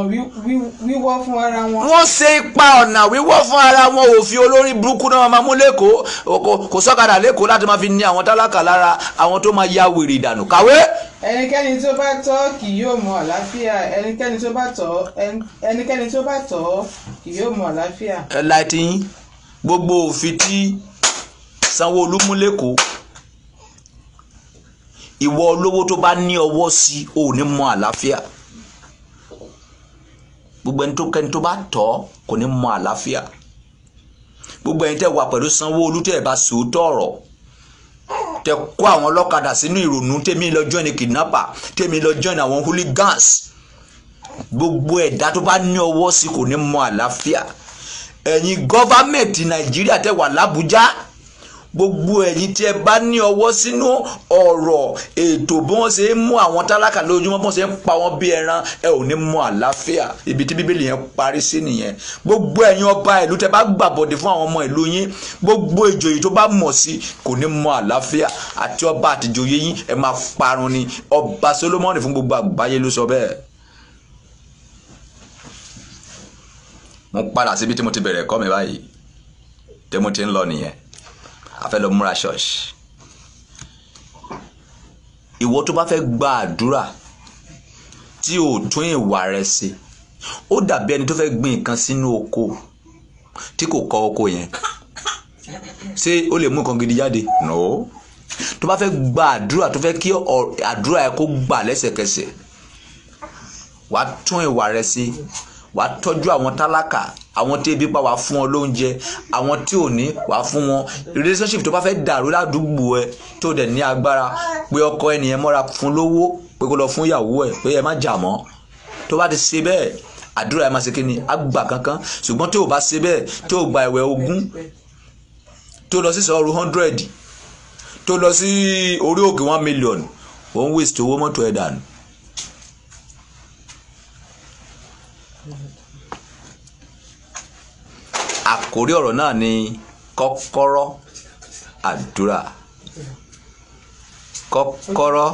wíwọ́ fún ara wọn. wọ́n ṣe ipa ọ̀nà wíwọ́ fún ara wọn òfin olórí burúkú náà máa mú lẹ́kọ̀ọ́ kò sọ́kadà lẹ́kọ̀ọ́ láti máa fi ní àwọn tálákà lára àwọn tó máa ya wèrè ìdànù kàwé. ẹnikẹ́ni tó bá tọ́ kì yóò mọ àlàáfíà ẹnikẹ́ni tó bá tọ́ ẹnikẹ́ni tó bá tọ́ kì yóò mọ àlàáfíà. ẹ láti yín gbogbo òfin tí Sanwó-Olú mú lẹ́kọ̀ọ́ ìwọ olówó tó bá ní ọwọ́ sí o ò ní mọ àlàáfíà gbogbo ẹni tó kẹni tó bá tọ́ kò ní mọ àlàáfíà gbogbo ẹni tẹ́ wà pẹ̀lú Sanwó-Olú tẹ́ ẹ bá sòótọ́ ọ̀rọ̀ tẹ́ kó àwọn ọlọ́kadà sínú ìrònú tèmi lọ join kidnapper tèmi lọ join àwọn hooligans gbogbo ẹ̀dá tó bá ní ọwọ́ sí kò ní mọ àlàáfíà ẹ̀yin gọ́fàmẹ̀tì Nàìjíríà tẹ́ wà l'Àbújá gbogbo ẹ̀yin tí ẹ bá ní ọwọ́ sínú ọ̀rọ̀ ètò bí wọ́n ṣe ń mú àwọn tálákà lójúmọ́ bí wọ́n ṣe ń pa wọ́n bí ẹran ẹ ò ní mú àlàáfíà ibi tí bíbélì yẹn parí sí nìyẹn gbogbo ẹ̀yin ọba ìlú tẹ bá gbàbọ̀dé fún àwọn ọmọ ìlú yín gbogbo ìjòyè tó bá mọ̀ sí kò ní mú àlàáfíà àti ọba àtìjòyè yín ẹ máa parun ni ọba Solomoni fún gbogbo àgbáyé ló sọ bẹ́ẹ̀. mo padà síbi tí mo ti bẹ̀rẹ̀ ẹ̀kọ́ mi báyìí tí mo ti ń lọ nìyẹn afẹ́ lọ múra ṣọ́ọ̀ṣì ìwọ tó bá fẹ́ gba àdúrà tí ò tún ìwà rẹ ṣe ó dàbí ẹni tó fẹ́ gbin nǹkan sínú oko tí kò kọ oko yẹn ṣé ó lè mú nǹkan gidi jáde no tó bá fẹ́ gba àdúrà tó fẹ́ kí àdúrà ẹ kó gbà lẹ́sẹ̀kẹsẹ̀ wàá tún ìwà rẹ ṣe wàá tọ́jú àwọn tálákà àwọn tí ebi pa wàá fún wọn lóúnjẹ àwọn tí ò ní wàá fún wọn relationship tó bá fẹ́ dàrú ládùúgbò ẹ tó dẹ̀ ní agbára pé ọkọ ẹnìyẹn mọ́ra fún lówó pé kó lọ fún ìyàwó ẹ pé ẹ má jà mọ́ tó bá ti ṣe bẹ́ẹ̀ àdúrà ẹ máa ṣe kíni àgbà kankan ṣùgbọ́n tó o bá ṣe bẹ́ẹ̀ tó o gba ẹ̀wẹ̀ ogún tó lọ sí sọ̀rọ̀ hundred tó lọ sí orí òkè one million òun waste owó mọ́tò ẹ̀ dànù. àkórí ọ̀rọ̀ náà ni kọ́kọ́rọ́ àdúrà kọ́kọ́rọ́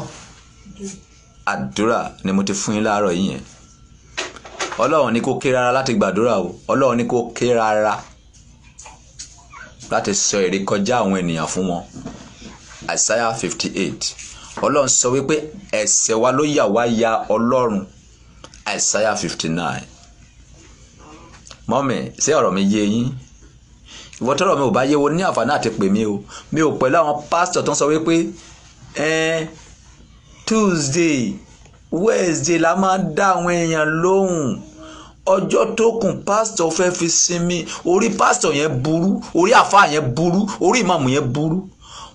àdúrà ni mo ti fún yín láàárọ̀ yìí yẹn ọlọ́run ní kó ké rárá láti gbàdúrà o ọlọ́run ní kó ké rárá láti sọ èrè kọjá àwọn ènìyàn fún wọn Isaiah fifty eight ọlọ́run sọ wípé ẹ̀ṣẹ̀ wa ló yà wá ya ọlọ́run Isaiah fifty nine mọ́mì ṣé ọ̀rọ̀ mi yé yín ìwọ tọ́rọ̀ mi ò bá yé wo ní àǹfààní àti pè mí o mi ò pẹ̀lú àwọn pásítọ̀ tó ń sọ wípé Tuesday Wednesday la máa dá àwọn èèyàn lóhùn ọjọ́ tó kùn pásítọ̀ fẹ́ fi sinmi orí pásítọ̀ yẹn burú orí àfáà yẹn burú orí ìmáàmù yẹn burú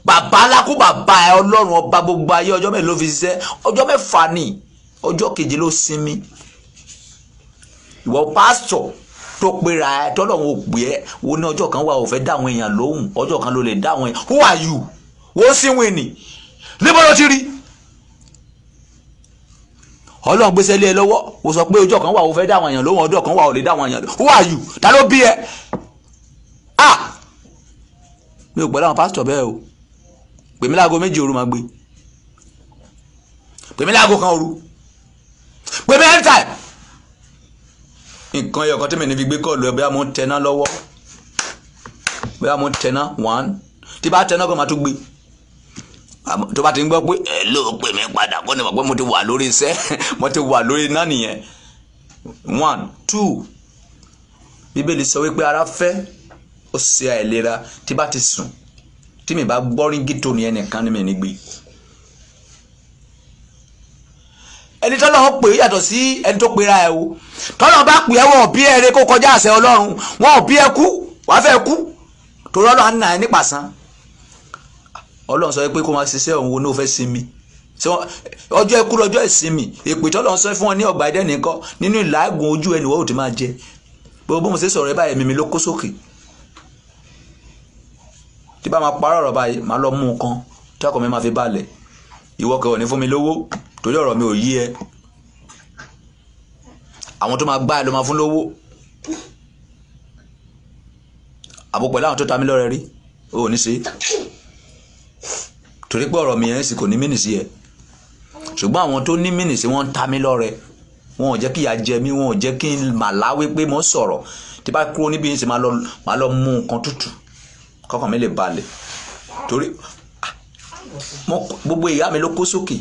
bàbá alákú bàbá ẹ ọlọ́run ọba gbogbo ayé ọjọ́ mẹ́rin ló fi ṣiṣẹ́ ọjọ́ mẹ́fà ni ọjọ́ keje ló sinmi ìwọ pásítọ̀ tó pera ẹ tọ́lọ́run ò pè ẹ́ wo ní ọjọ́ kan wà ò fẹ́ dá àwọn èèyàn lóhùn ọjọ́ kan ló lè dá àwọn èèyàn who are you wo síwìn ni níbo ló ti rí ọlọ́run gbèsè lé ẹ lọ́wọ́ o sọ pé ọjọ́ kan wà o fẹ́ dá àwọn èèyàn lóhùn ọjọ́ kan wà o lè dá àwọn èèyàn lóhùn who are you ta ló bí ẹ ah mi ò gbọ́ láwọn pásítọ̀ bẹ́ẹ̀ o pèmí láago méje òru máa gbé pèmí láago kan òru pèmí anytime nǹkan ẹyọ kan tí mi ní fi gbé kọ́ọ̀lù ẹ bóyá mo ń tẹná lọ́wọ́ bóyá mo ń tẹná one tí bá tẹná kó máa tún gbé tó bá ti ń gbọ́ pé ẹ ló pè mí padà kó ní pé mo ti wà lórí iṣẹ́ [laughs] mo ti wà lórí iná nìyẹn one two bíbélì sọ wípé ara fẹ́ ó ṣe àìlera tí bá ti sùn tí mi bá gbọ́rin gítò ní ẹnìkan ni mi ní gbé. ẹni tọ́lọ́run pè yàtọ̀ sí ẹni tó pera ẹ̀ o tọ́lọ́run bá pè ẹ́ wọn ò bí ẹ rẹ kó kọjá àṣẹ ọlọ́run wọn ò bí ẹ kú wàá fẹ́ kú torí ọlọ́run àná ẹ nípasán ọlọ́run sọ pé kó máa ṣiṣẹ́ òun wo ní o fẹ́ sinmi ọjọ́ ẹkú lọ́jọ́ ìsinmi èpè tọ́lọ́run sọ fún ọ ní ọgbà ẹ̀dẹ́ nìkan nínú ìlàgùn ojú ẹni wọ́n ò ti máa jẹ gbogbo mo ṣe sọ̀rọ̀ ẹ báyìí mímí ló kó sókè tí bá máa parọ́ ọ̀rọ̀ báyìí máa lọ mú un kan tí ọkọ̀ mi máa fi balẹ̀ ìwọ kẹwọ̀ ní fún mi lówó torí ọ̀rọ̀ mi ò yí ẹ àwọn tó máa gbá ẹ ló máa fún lówó àbò pẹ̀lú àwọn tó ta mí lọ́rẹ̀ rí o ò ní ṣe torí pé ọ̀rọ̀ mi yẹn sì kò ní mìnì sí ẹ ṣùgbọ́n àwọn tó ní mìnì sí wọ́n ń ta mí lọ́rẹ̀ wọn ò jẹ́ kí ìyà jẹ mí wọn ò jẹ́ kí n láwé pé mo sọ̀rọ̀ tí bá kúrò níbi yìí sì máa lọ mú nǹkan tútù kọ́kàn mi lè balẹ̀ torí ah, gbogbo ìyá mi ló kó sókè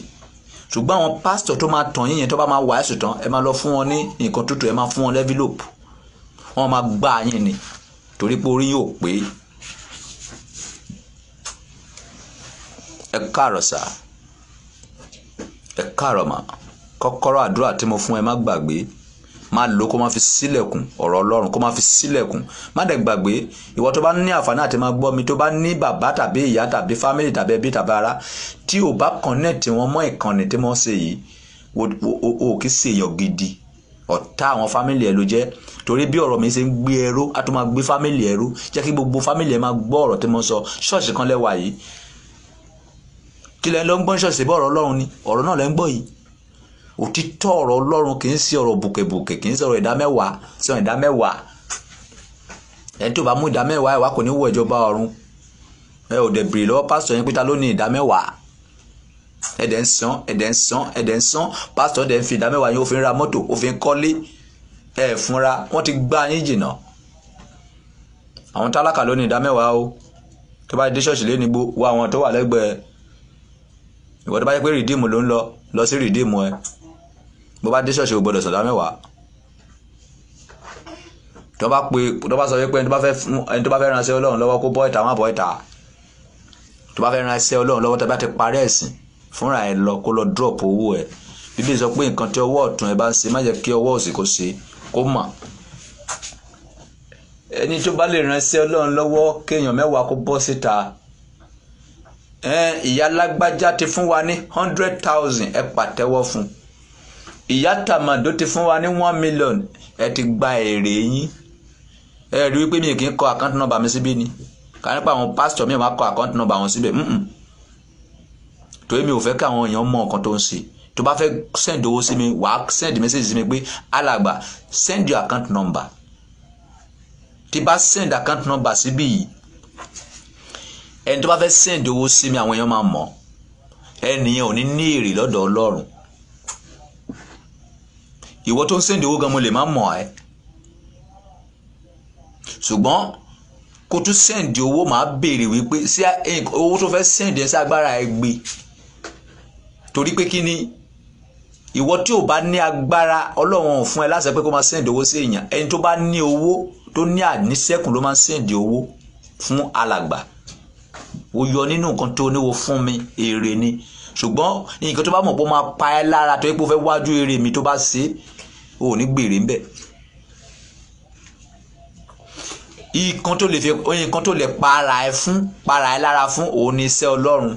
ṣùgbọ́n àwọn pásítọ̀ tó máa tàn yín yẹn tó bá máa wàásù tán ẹ máa lọ fún wọn ní nǹkan tútù ẹ máa fún wọn lẹ́fílòpù wọn máa gbá yín ni torí pé orí yóò pé ẹ káàrọ̀ sà ẹ káàrọ̀ mà kọ́kọ́rọ́ àdúrà tí mo fún ẹ má gbàgbé máa lò kó máa fi sílẹ̀kùn ọ̀rọ̀ ọlọ́run kó máa fi sílẹ̀kùn má dẹ̀ gbàgbé ìwọ tó bá ní àǹfààní àti máa gbọ́ mi tó bá ní bàbá tàbí ìyá tàbí fámìlì tàbí ẹbí tàbí ara tí ò bá kọ̀nẹ́ẹ̀tì wọn mọ́ ìkànnì tí wọ́n ṣe yìí o kì í ṣe èèyàn gidi ọ̀tá àwọn fámìlì ẹ̀ ló jẹ́ torí bí ọ̀rọ̀ mi ṣe ń gbé ẹrú a tún máa gbé fámìlì ẹrú jẹ́ kí gbogbo fámìlì ẹ̀ máa gbọ́ ọ̀rọ̀ tí mo sọ ṣọ́ọ̀ṣì kan lẹ́wà yìí kí lẹ́ lọ ń gbọ́ ṣọ́ọ̀ṣì bọ́ ọ̀rọ̀ ọlọ́run ni ọ̀rọ̀ náà lẹ́ ń gbọ́ yìí òtítọ́ ọ̀rọ̀ ọlọ́run kì í sí ọ̀rọ̀ bùkèbùkè kì í sọ̀rọ̀ ìdá mẹ́wàá sí ọ̀rọ̀ ìdá mẹ́wàá ẹni tó bá mú ìdá mẹ́wàá ẹ̀ wá kò ní wọ ìjọba ọ̀run ẹ ò dẹ̀ bèrè lọ́wọ́ pásítọ̀ yẹn pé ta ló ní ìdá mẹ́wàá ẹ dẹ̀ ń san ẹ dẹ̀ ń san ẹ dẹ̀ ń san pásítọ̀ dẹ̀ ń fi ìdá mẹ́wàá yẹn ra mọ́tò ó kọ́lé ẹ fúnra wọ́n ti gbá yín jìnà àwọn tálákà ló ní o tó bá dé ṣọ́ọ̀ṣì lẹ́ni gbó wá àwọn tó wà lẹ́gbẹ̀ẹ́ ìwọ́n tó bá yẹ pé rìdíìmù ló ń lọ lọ sí rìdíìmù ẹ bó bá dé ṣọ́ọ̀ṣì o gbọ́dọ̀ sọ̀dá mẹ́wàá tó bá pe tó bá sọ wípé ẹni tó bá fẹ́ ránṣẹ́ ọlọ́run lọ́wọ́ kó bọ́ ìta wọn àbọ̀ ìta tó bá fẹ́ ránṣẹ́ ọlọ́run lọ́wọ́ tó ti parí ẹ̀sìn fúnra ẹ̀ lọ kó lọ drop owó ẹ̀ bíbélì sọ pé nǹkan tí ọwọ́ ọ̀tún ẹ̀ bá ń ṣe má jẹ́ kí ọwọ́ òsì kò ṣe kó mọ̀ ẹni tó bá lè ránṣẹ́ ọlọ́run lọ́wọ́ kéèyàn mẹ́wàá kó bọ́ síta ìyá lágbájá ti fún wa ní hundred thousand ẹ pàtẹ́wọ́ fún un ìyá tàmàdó ti fún wa ní one million ẹ ti gba èrè yín ẹ rí wípé mi kì í kọ account number mi síbí ni kà nípa àwọn pásítọ̀ mi máa kọ account number wọn síbẹ̀ torí mi ò fẹ́ kí àwọn èèyàn mọ nǹkan tó ń ṣe tó bá fẹ́ send owó sí mi wàá send message sí mi pé alàgbà send your account number tí bá send account number síbí yìí ẹni tó bá fẹ́ send owó sí mi àwọn èèyàn máa mọ̀ ẹnìyẹn ò ní ní èrè lọ́dọ̀ Ọlọ́run ìwọ tó ń sèǹdì owó gan mo lè má mọ̀ ẹ́ ṣùgbọ́n kó tún sèǹdì owó màá béèrè wípé sí owó tó fẹ́ sèǹdì ẹ sí agbára ẹ gbé torí pé kí ni ìwọ tí ò bá ní agbára ọlọ́run ò fún ẹ láṣẹ pé kó máa sèǹdì owó sí èèyàn ẹni tó bá ní owó tó ní àníṣẹ́kùn ló máa sèǹdì owó fún alàgbà ó yọ nínú nǹkan tó níwo fún mi èrè ni ṣùgbọ́n nǹkan tó bá mọ̀ pé ó máa pa ẹ́ lára tó yẹ pé fẹ́ wájú èrè mi tó bá ṣe é o ò ní gbèrè ńbẹ̀ nǹkan tó lè fi nǹkan tó lè para ẹ fún para ẹ lára fún òun ni iṣẹ́ ọlọ́run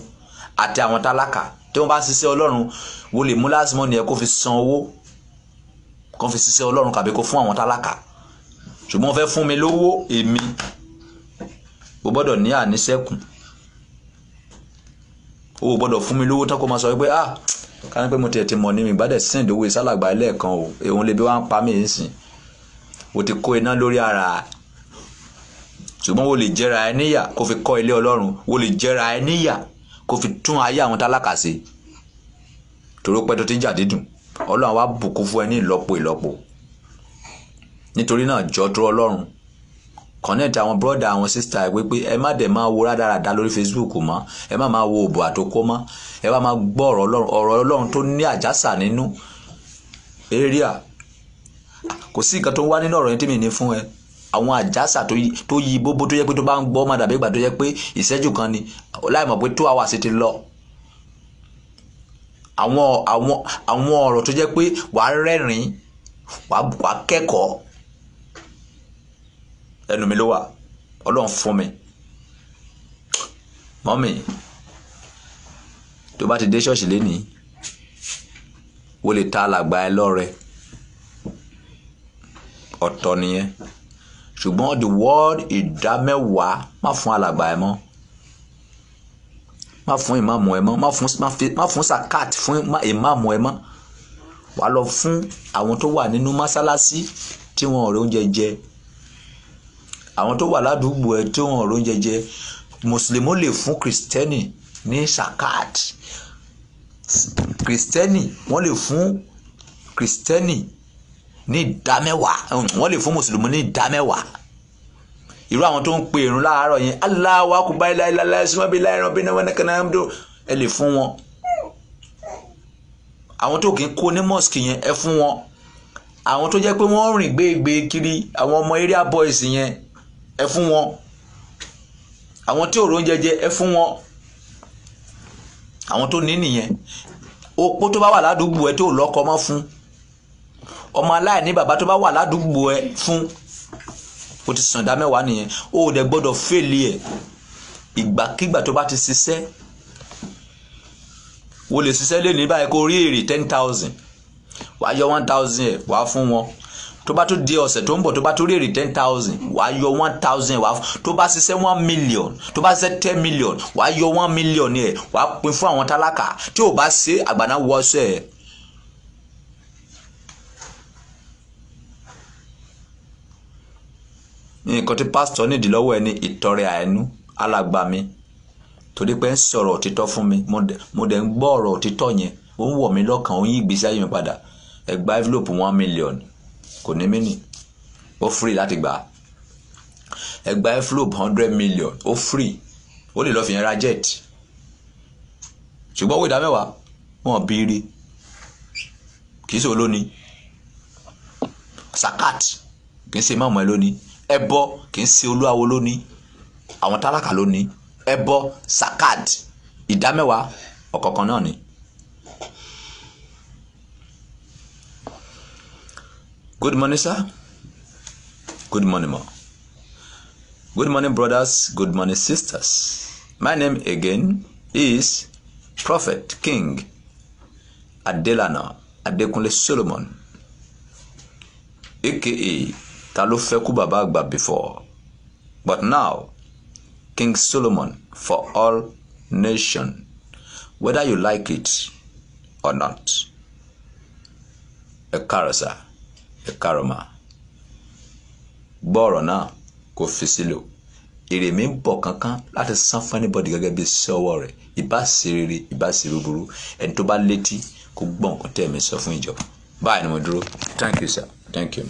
àti àwọn tálákà tí wọ́n bá ń ṣiṣẹ́ ọlọ́run wo lè mú last money ẹ kó fi san owó kó fi ṣiṣẹ́ ọlọ́run kàbí kó fún àwọn tálákà ṣùgbọ́n wọ́n fẹ́ fún mi lówó èmi o gbọ́dọ̀ ní àníṣẹ́kùn o gbọ́dọ̀ fún mi lówó tán kó máa sọ wípé ah ká ní pé mo tiẹ̀ ti mọ̀ ní mi bá dẹ̀ send owó ìsálàgbà ẹlẹ́ẹ̀kan o òun lè bí wọ́n á pa mí nísìn o ti kó iná lórí ara ṣùgbọ́n wo lè jẹ́ra ẹ níyà kó fi kọ́ ilé ọlọ́run wo lè jẹ́ra ẹ níyà kó fi tún ayé àwọn tálákà ṣe pẹ́ tó ti jà dídùn ọlọ́run wa bùkún fún ẹ ní ìlọ́po ìlọ́po nítorí náà jọ́ tó ọlọ́run connect àwọn brọ́dà àwọn sísítà ẹ̀ pé ẹ má dẹ̀ máa wo rádaràda lórí facebook mọ́ ẹ má máa wo òbò àtòkó mọ́ ẹ má máa gbọ́ ọ̀rọ̀ ọlọ́run ọ̀rọ̀ ọlọ́run tó ní àjàsà nínú area kò sí nǹkan tó ń wá nínú ọ̀rọ̀ yẹn tí mi ní fún ẹ àwọn àjàsà tó yí bóbó tó yẹ pé tó bá ń gbọ́ má dàbí ìgbà tó yẹ pé ìṣẹ́jú kan ni láì mọ̀ pé two hours ti lọ àwọn àwọn àwọn ọ̀rọ̀ tó jẹ́ pé wàá rẹ́rìn-ín wàá kẹ́kọ̀ọ́ ẹnu mi ló wà ọlọ́run fún mi mọ́mì tó bá ti dé ṣọ́ọ̀ṣì lénìí wọ́n lè ta alàgbà ẹ lọ́rẹ ọ̀tọ̀ nìyẹn ṣùgbọ́n the word ìdá mẹ́wàá má fún alàgbà ẹ mọ́ má fún ìmáàmù ẹ mọ́ má fún sakat fún ìmáàmù ẹ mọ́ wàá lọ fún àwọn tó wà nínú mọ́sálásí tí wọn ò rí oúnjẹ jẹ. jẹ àwọn tó wà ládùúgbò ẹ tí wọn rò ń jẹjẹ mùsùlùmí lè fún kìrìsìtẹ́nì ní sakat kìrìsìtẹ́nì wọ́n lè fún kìrìsìtẹ́nì ní ìdámẹ́wàá wọ́n lè fún mùsùlùmí ní ìdámẹ́wàá irú àwọn tó ń pe ìrun láàárọ̀ yẹn aláwa kò bá ilá ilá láìsúmọ́ bí láìran bí náwó nàkànnà àmdó ẹ lè fún wọn àwọn tó kì í kó ní mosque yẹn ẹ fún wọn àwọn tó jẹ́ pé wọ́n rìn gbéègbé kiri àwọn ọmọ area boys yẹn ẹ fún wọn àwọn tí òrò ń jẹjẹ ẹ fún wọn àwọn tó ní nìyẹn opó tó bá wà ládùúgbò ẹ tó lọ́kọ mọ́ fún ọmọ aláìní bàbá tó bá wà ládùúgbò ẹ fún o ti sàn dá mẹ́wàá nìyẹn o ò dẹ̀ gbọ́dọ̀ fèlè ẹ̀ ìgbàkígbà tó bá ti ṣiṣẹ́ wo lè ṣiṣẹ́ lé ní báyìí kó rí èrè ten thousand wàá yọ one thousand ẹ̀ wàá fún wọn tó bá tún di ọ̀sẹ̀ tó ń bọ̀ tó bá tún rí èrè ten thousand wà á yọ one thousand wà á tó bá ṣiṣẹ́ one million tó bá ṣiṣẹ́ ten million wà á yọ one million yẹn wà á pín fún àwọn tálákà tí ò bá ṣe àgbàná wọṣẹ́ ẹ̀. nǹkan tí pásítọ̀ nídìí lọ́wọ́ ẹ ní ìtọrẹ àánú alàgbà mi torí pé ń sọ̀rọ̀ òtítọ́ fún mi mo dẹ̀ ń gbọ́ ọ̀rọ̀ òtítọ́ yẹn ó ń wọ̀ mí lọ́kàn ó ń yí ìgbésí ayé mi padà ẹgbàá envelope one million kò ní mínì ó free láti gbà ẹ gba hundred million ó free ó lè lọ́ọ́ fi yẹn ra jet ṣùgbọ́n owó ìdá mẹ́wàá wọn bíire kì í ṣe olóni sakat kì í ṣe máàmù ẹ lóni ẹbọ kì í ṣe olúwawo lóni àwọn tálákà lóni ẹbọ sakat ìdá mẹ́wàá ọ̀kọ̀ọ̀kan náà ni. Good morning, sir. Good morning, ma. Good morning, brothers. Good morning, sisters. My name again is Prophet King Adelana Adekunle Solomon, aka Talofeku Baba before, but now King Solomon for all nation, whether you like it or not. A carousel. ẹ̀karọ̀ mà gbọ́ ọ̀rọ̀ náà kò fi sílò èrè mi ń bọ̀ kankan láti san fún anybody gẹ́gẹ́ bí iṣẹ́ ọwọ́ rẹ̀ ìbá ṣe rere ìbá ṣe búburú ẹni tó bá létí kó gbọ́ nǹkan tẹ́ mi sọ fún ìjọba báyìí ni mo dúró thank you sir thank you.